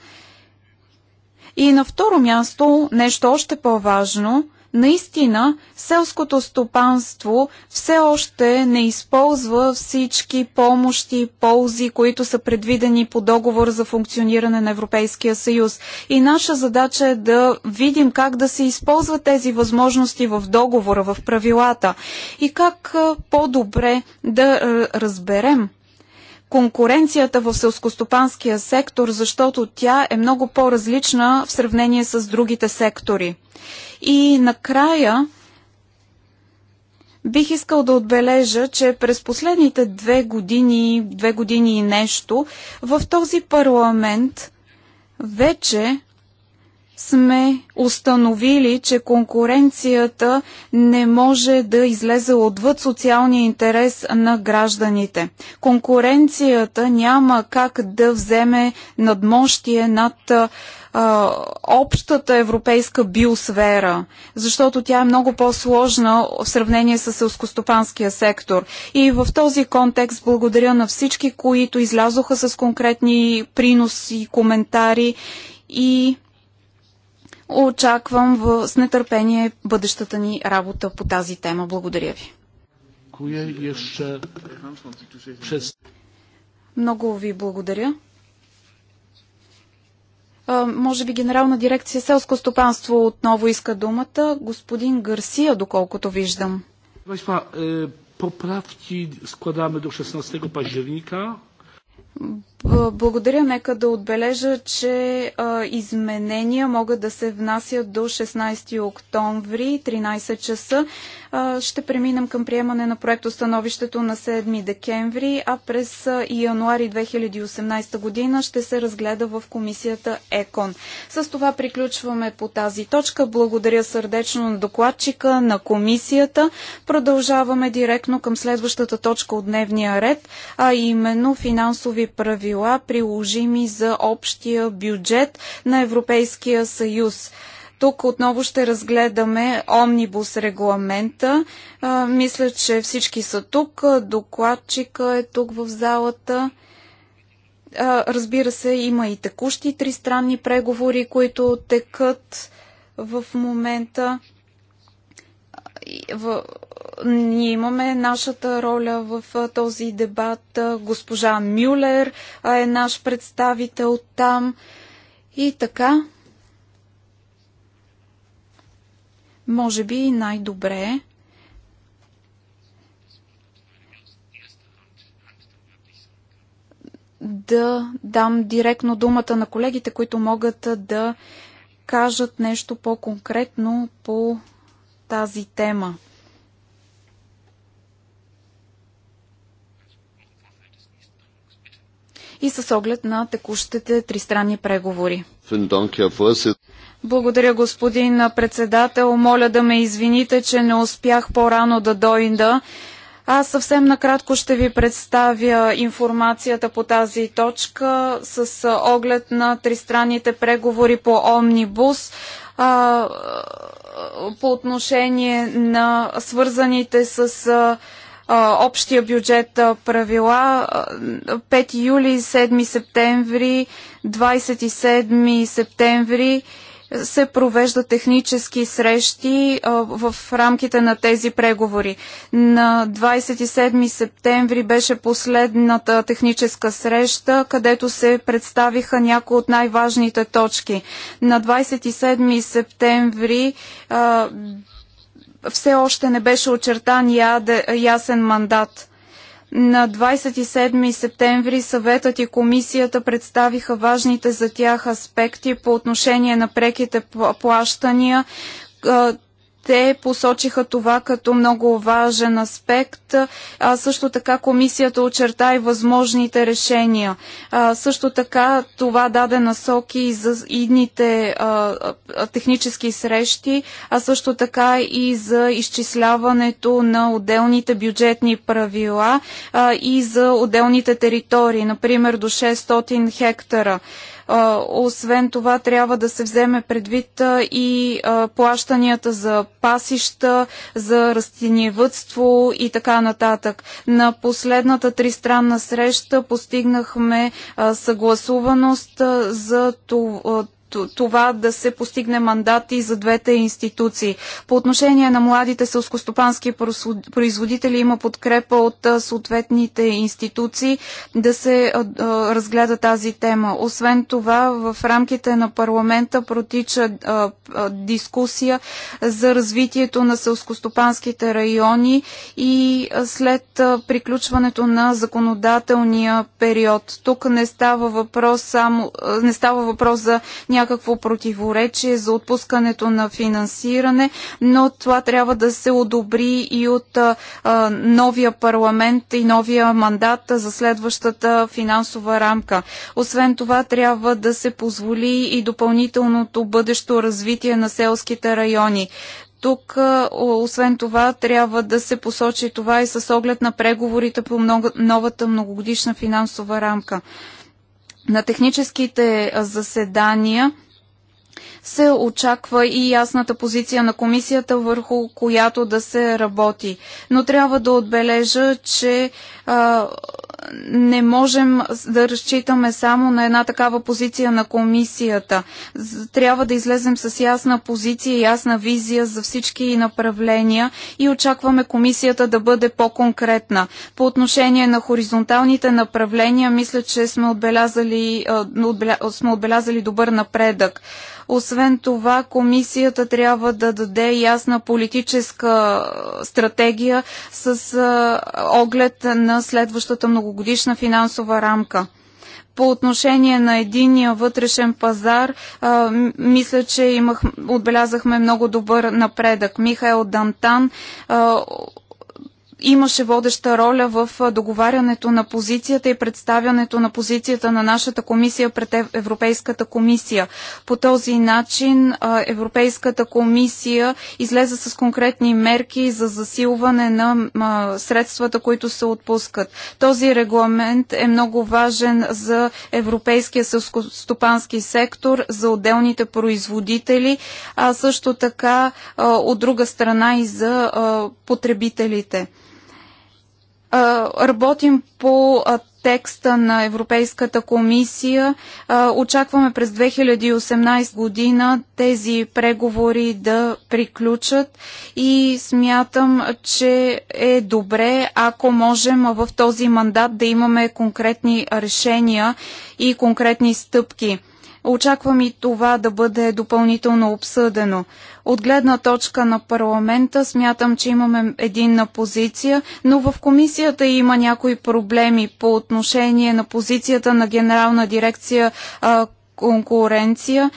И на второ място, нещо още по-важно, наистина селското стопанство все още не използва всички помощи и ползи, които са предвидени по договор за функциониране на Европейския съюз. И наша задача е да видим как да се използват тези възможности в договора, в правилата и как по-добре да разберем конкуренцията в селскостопанския сектор, защото тя е много по-различна в сравнение с другите сектори. И накрая бих искал да отбележа, че през последните две години, две години и нещо, в този парламент вече сме установили, че конкуренцията не може да излезе отвъд социалния интерес на гражданите. Конкуренцията няма как да вземе надмощие над а, общата европейска биосфера, защото тя е много по-сложна в сравнение с селскостопанския сектор. И в този контекст благодаря на всички, които излязоха с конкретни приноси, коментари и Очаквам в, с нетърпение бъдещата ни работа по тази тема. Благодаря ви. Много ви благодаря. А, може би Генерална дирекция селско стопанство отново иска думата. Господин Гарсия, доколкото виждам. Поправки складаме до 16 паździernika. Благодаря. Нека да отбележа, че а, изменения могат да се внасят до 16 октомври, 13 часа. А, ще преминем към приемане на установището на 7 декември, а през а, януари 2018 година ще се разгледа в комисията ЕКОН. С това приключваме по тази точка. Благодаря сърдечно на докладчика, на комисията. Продължаваме директно към следващата точка от дневния ред, а именно финансови правила правила, приложими за общия бюджет на Европейския съюз. Тук отново ще разгледаме омнибус регламента. А, мисля, че всички са тук. Докладчика е тук в залата. А, разбира се, има и текущи тристранни преговори, които текат в момента. В, ние имаме нашата роля в този дебат. Госпожа Мюлер е наш представител там. И така, може би и най-добре да дам директно думата на колегите, които могат да кажат нещо по-конкретно по тази тема. и с оглед на текущите тристранни преговори. Благодаря, господин председател. Моля да ме извините, че не успях по-рано да дойда. Аз съвсем накратко ще ви представя информацията по тази точка с оглед на тристранните преговори по Омнибус а, по отношение на свързаните с а, общия бюджет правила 5 юли, 7 септември, 27 септември се провежда технически срещи в рамките на тези преговори. На 27 септември беше последната техническа среща, където се представиха някои от най-важните точки. На 27 септември все още не беше очертан ясен мандат. На 27 септември съветът и комисията представиха важните за тях аспекти по отношение на преките плащания, те посочиха това като много важен аспект. А, също така комисията очерта и възможните решения. А, също така това даде насоки и за идните а, технически срещи, а също така и за изчисляването на отделните бюджетни правила а, и за отделните територии, например до 600 хектара. Освен това, трябва да се вземе предвид и плащанията за пасища, за растениевътство и така нататък. На последната тристранна среща постигнахме съгласуваност за това това да се постигне мандат и за двете институции. По отношение на младите селскостопански производители има подкрепа от съответните институции да се разгледа тази тема. Освен това, в рамките на парламента протича дискусия за развитието на селскостопанските райони и след приключването на законодателния период. Тук не става въпрос само не става въпрос за някакво противоречие за отпускането на финансиране, но това трябва да се одобри и от а, новия парламент и новия мандат за следващата финансова рамка. Освен това, трябва да се позволи и допълнителното бъдещо развитие на селските райони. Тук, освен това, трябва да се посочи това и с оглед на преговорите по много, новата многогодишна финансова рамка на техническите заседания се очаква и ясната позиция на комисията, върху която да се работи. Но трябва да отбележа, че а, не можем да разчитаме само на една такава позиция на комисията. Трябва да излезем с ясна позиция, ясна визия за всички направления и очакваме комисията да бъде по-конкретна. По отношение на хоризонталните направления, мисля, че сме отбелязали, сме отбелязали добър напредък. Освен това, комисията трябва да даде ясна политическа стратегия с оглед на следващата многогодишна финансова рамка по отношение на единия вътрешен пазар, а, мисля, че имах, отбелязахме много добър напредък. Михаел Дантан а, имаше водеща роля в договарянето на позицията и представянето на позицията на нашата комисия пред Европейската комисия. По този начин Европейската комисия излезе с конкретни мерки за засилване на средствата, които се отпускат. Този регламент е много важен за европейския селскостопански сектор, за отделните производители, а също така от друга страна и за потребителите. Работим по текста на Европейската комисия. Очакваме през 2018 година тези преговори да приключат и смятам, че е добре, ако можем в този мандат да имаме конкретни решения и конкретни стъпки. Очаквам и това да бъде допълнително обсъдено. От гледна точка на парламента смятам, че имаме единна позиция, но в комисията има някои проблеми по отношение на позицията на генерална дирекция а, конкуренция.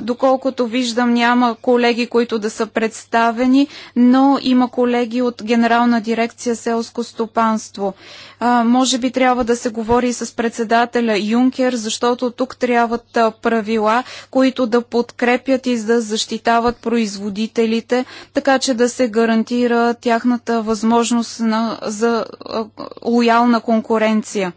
Доколкото виждам, няма колеги, които да са представени, но има колеги от Генерална дирекция селско стопанство. Може би трябва да се говори с председателя Юнкер, защото тук трябват правила, които да подкрепят и да защитават производителите, така че да се гарантира тяхната възможност на, за лоялна конкуренция.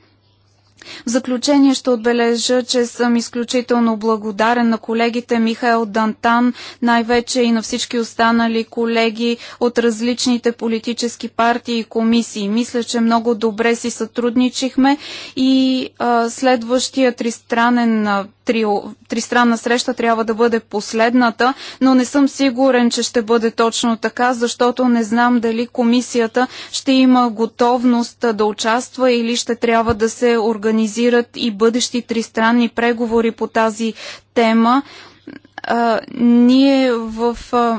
В заключение ще отбележа, че съм изключително благодарен на колегите Михаил Дантан, най-вече и на всички останали колеги от различните политически партии и комисии. Мисля, че много добре си сътрудничихме и а, следващия тристранен трио, тристранна среща трябва да бъде последната, но не съм сигурен, че ще бъде точно така, защото не знам дали комисията ще има готовност да участва или ще трябва да се организира организират и бъдещи тристранни преговори по тази тема. А, ние в а,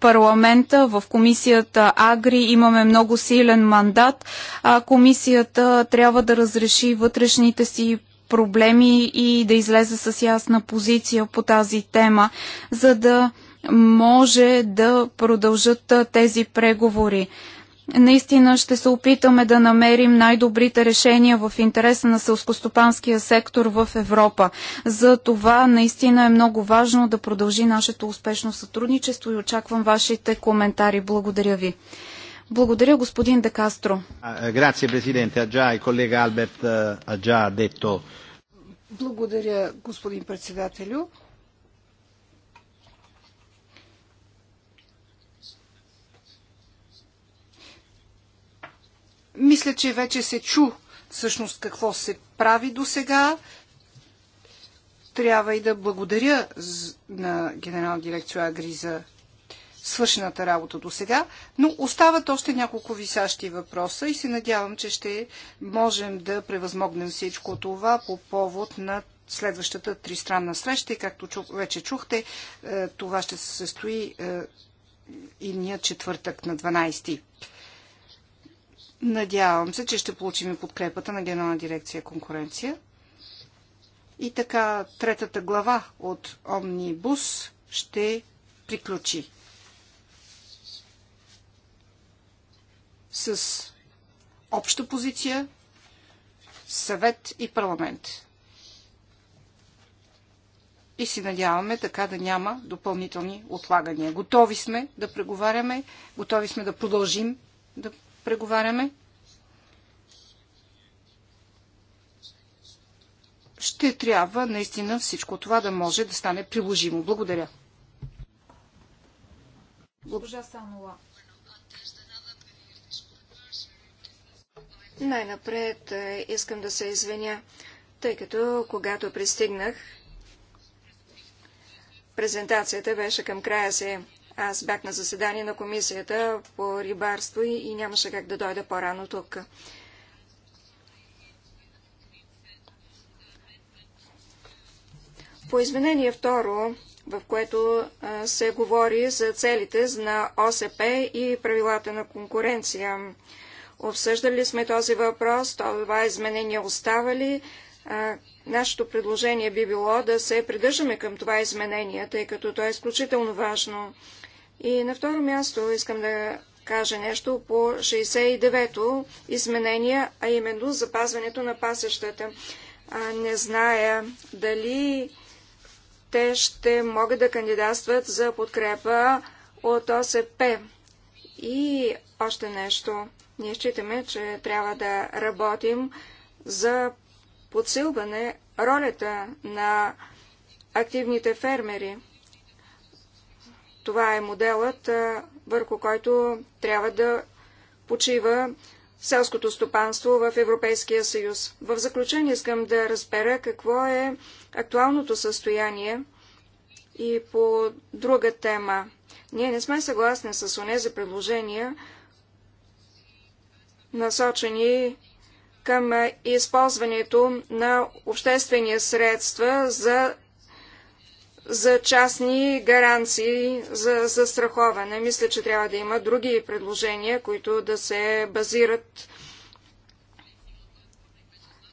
парламента, в комисията Агри имаме много силен мандат, а комисията трябва да разреши вътрешните си проблеми и да излезе с ясна позиция по тази тема, за да може да продължат тези преговори. Наистина ще се опитаме да намерим най-добрите решения в интереса на селскостопанския сектор в Европа. За това наистина е много важно да продължи нашето успешно сътрудничество и очаквам вашите коментари. Благодаря ви. Благодаря, господин Де Кастро. Grazie, Presidente. Già il collega Albert ha Благодаря, господин председателю. Мисля, че вече се чу всъщност какво се прави до сега. Трябва и да благодаря на генерална дирекция Агри за свършената работа до сега, но остават още няколко висящи въпроса и се надявам, че ще можем да превъзмогнем всичко това по повод на следващата тристранна среща и както чу, вече чухте, е, това ще се състои е, ния четвъртък на 12. Надявам се, че ще получим и подкрепата на Генерална дирекция конкуренция. И така, третата глава от Омнибус ще приключи. С обща позиция, съвет и парламент. И си надяваме така да няма допълнителни отлагания. Готови сме да преговаряме, готови сме да продължим да преговаряме. Ще трябва наистина всичко това да може да стане приложимо. Благодаря. Госпожа Санова. Най-напред е, искам да се извиня, тъй като когато пристигнах, презентацията беше към края си. Аз бях на заседание на комисията по рибарство и, нямаше как да дойда по-рано тук. По изменение второ, в което се говори за целите на ОСП и правилата на конкуренция. Обсъждали сме този въпрос, това изменение остава ли? нашето предложение би било да се придържаме към това изменение, тъй като то е изключително важно. И на второ място искам да кажа нещо по 69-то изменение, а именно запазването на пасещата. А, не зная дали те ще могат да кандидатстват за подкрепа от ОСП. И още нещо. Ние считаме, че трябва да работим за подсилване ролята на активните фермери. Това е моделът, върху който трябва да почива селското стопанство в Европейския съюз. В заключение искам да разбера какво е актуалното състояние и по друга тема. Ние не сме съгласни с онези предложения, насочени към използването на обществени средства за за частни гаранции за застраховане. Мисля, че трябва да има други предложения, които да се базират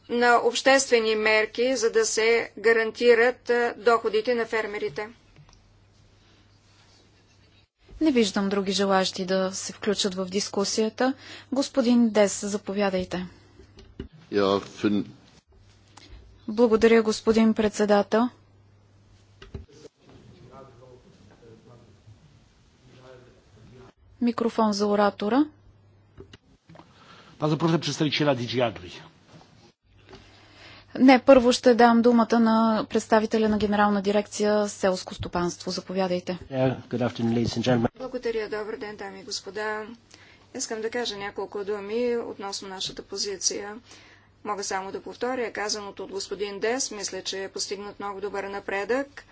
на обществени мерки, за да се гарантират доходите на фермерите. Не виждам други желащи да се включат в дискусията. Господин Дес, заповядайте. Благодаря, господин председател. Микрофон за оратора. Аз запросвам представителя Диджи Агри. Не, първо ще дам думата на представителя на Генерална дирекция Селско стопанство. Заповядайте. Благодаря. Добър ден, дами и господа. Искам да кажа няколко думи относно нашата позиция. Мога само да повторя казаното от господин Дес. Мисля, че е постигнат много добър напредък.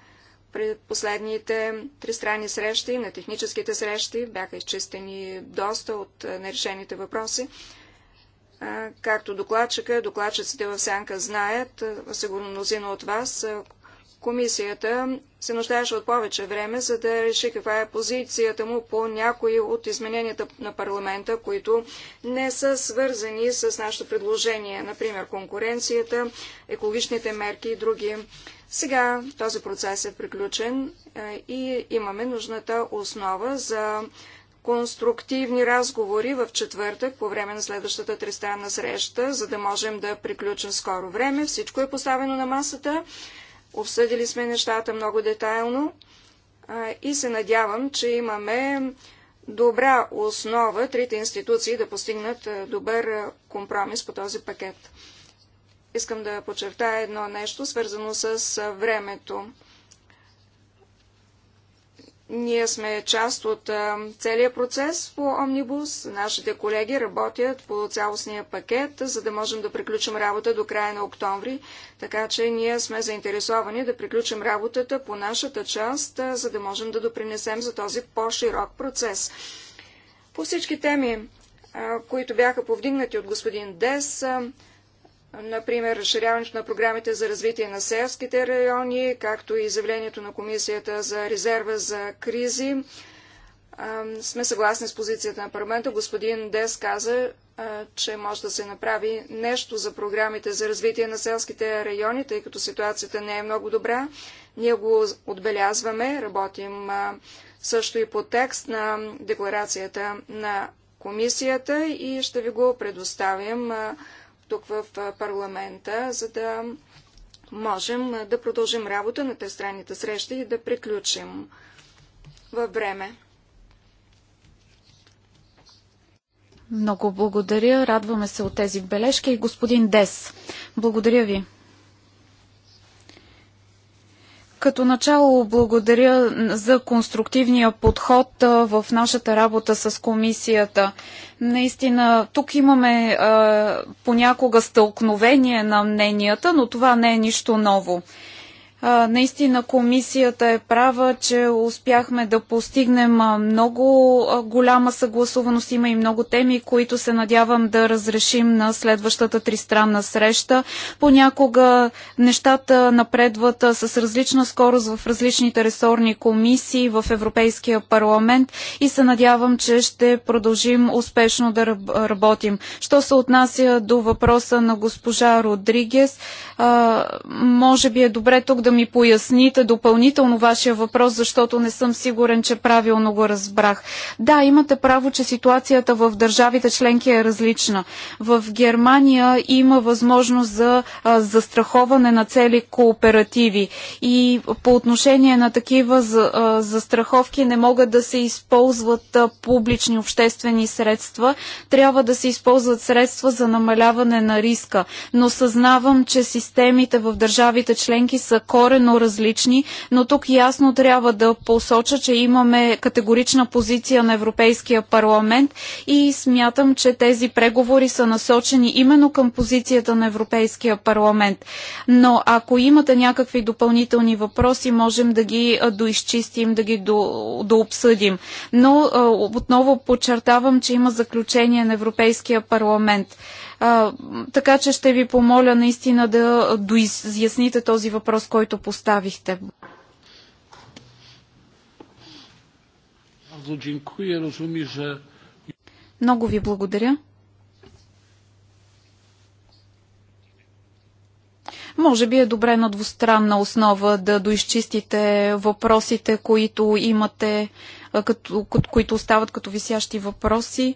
При последните тристранни срещи, на техническите срещи, бяха изчистени доста от нерешените въпроси. Както докладчика, докладчиците в сянка знаят, сигурно мнозина от вас, комисията се нуждаеше от повече време, за да реши каква е позицията му по някои от измененията на парламента, които не са свързани с нашето предложение, например конкуренцията, екологичните мерки и други. Сега този процес е приключен е, и имаме нужната основа за конструктивни разговори в четвъртък по време на следващата тристранна среща, за да можем да приключим скоро време. Всичко е поставено на масата. Обсъдили сме нещата много детайлно и се надявам, че имаме добра основа трите институции да постигнат добър компромис по този пакет. Искам да подчертая едно нещо, свързано с времето. Ние сме част от целият процес по Омнибус. Нашите колеги работят по цялостния пакет, за да можем да приключим работа до края на октомври. Така че ние сме заинтересовани да приключим работата по нашата част, за да можем да допринесем за този по-широк процес. По всички теми, които бяха повдигнати от господин Дес, например, разширяването на програмите за развитие на селските райони, както и изявлението на Комисията за резерва за кризи. Сме съгласни с позицията на парламента. Господин Дес каза, че може да се направи нещо за програмите за развитие на селските райони, тъй като ситуацията не е много добра. Ние го отбелязваме, работим също и по текст на декларацията на комисията и ще ви го предоставим тук в парламента, за да можем да продължим работа на тристранните срещи и да приключим във време. Много благодаря. Радваме се от тези бележки. Господин Дес, благодаря ви. Като начало благодаря за конструктивния подход в нашата работа с комисията. Наистина, тук имаме а, понякога стълкновение на мненията, но това не е нищо ново. Наистина комисията е права, че успяхме да постигнем много голяма съгласуваност. Има и много теми, които се надявам да разрешим на следващата тристранна среща. Понякога нещата напредват с различна скорост в различните ресорни комисии в Европейския парламент и се надявам, че ще продължим успешно да работим. Що се отнася до въпроса на госпожа Родригес, може би е добре тук да да ми поясните допълнително вашия въпрос, защото не съм сигурен, че правилно го разбрах. Да, имате право, че ситуацията в държавите членки е различна. В Германия има възможност за застраховане на цели кооперативи и по отношение на такива застраховки не могат да се използват публични обществени средства. Трябва да се използват средства за намаляване на риска. Но съзнавам, че системите в държавите членки са коренно различни, но тук ясно трябва да посоча, че имаме категорична позиция на Европейския парламент и смятам, че тези преговори са насочени именно към позицията на Европейския парламент. Но ако имате някакви допълнителни въпроси, можем да ги доизчистим, да ги дообсъдим. Но отново подчертавам, че има заключение на Европейския парламент. А, така че ще ви помоля наистина да доизясните този въпрос, който поставихте. Много ви благодаря. Може би е добре на двустранна основа да доизчистите въпросите, които имате, като, които остават като висящи въпроси.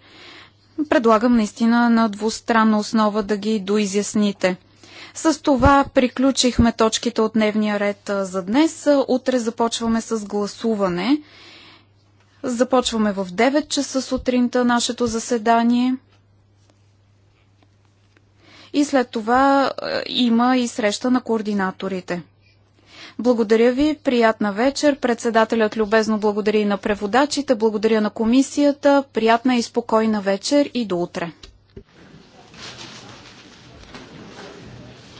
Предлагам наистина на двустранна основа да ги доизясните. С това приключихме точките от дневния ред за днес. Утре започваме с гласуване. Започваме в 9 часа сутринта нашето заседание. И след това има и среща на координаторите. Благодаря ви, приятна вечер. Председателят любезно благодари и на преводачите, благодаря на комисията, приятна и спокойна вечер и до утре.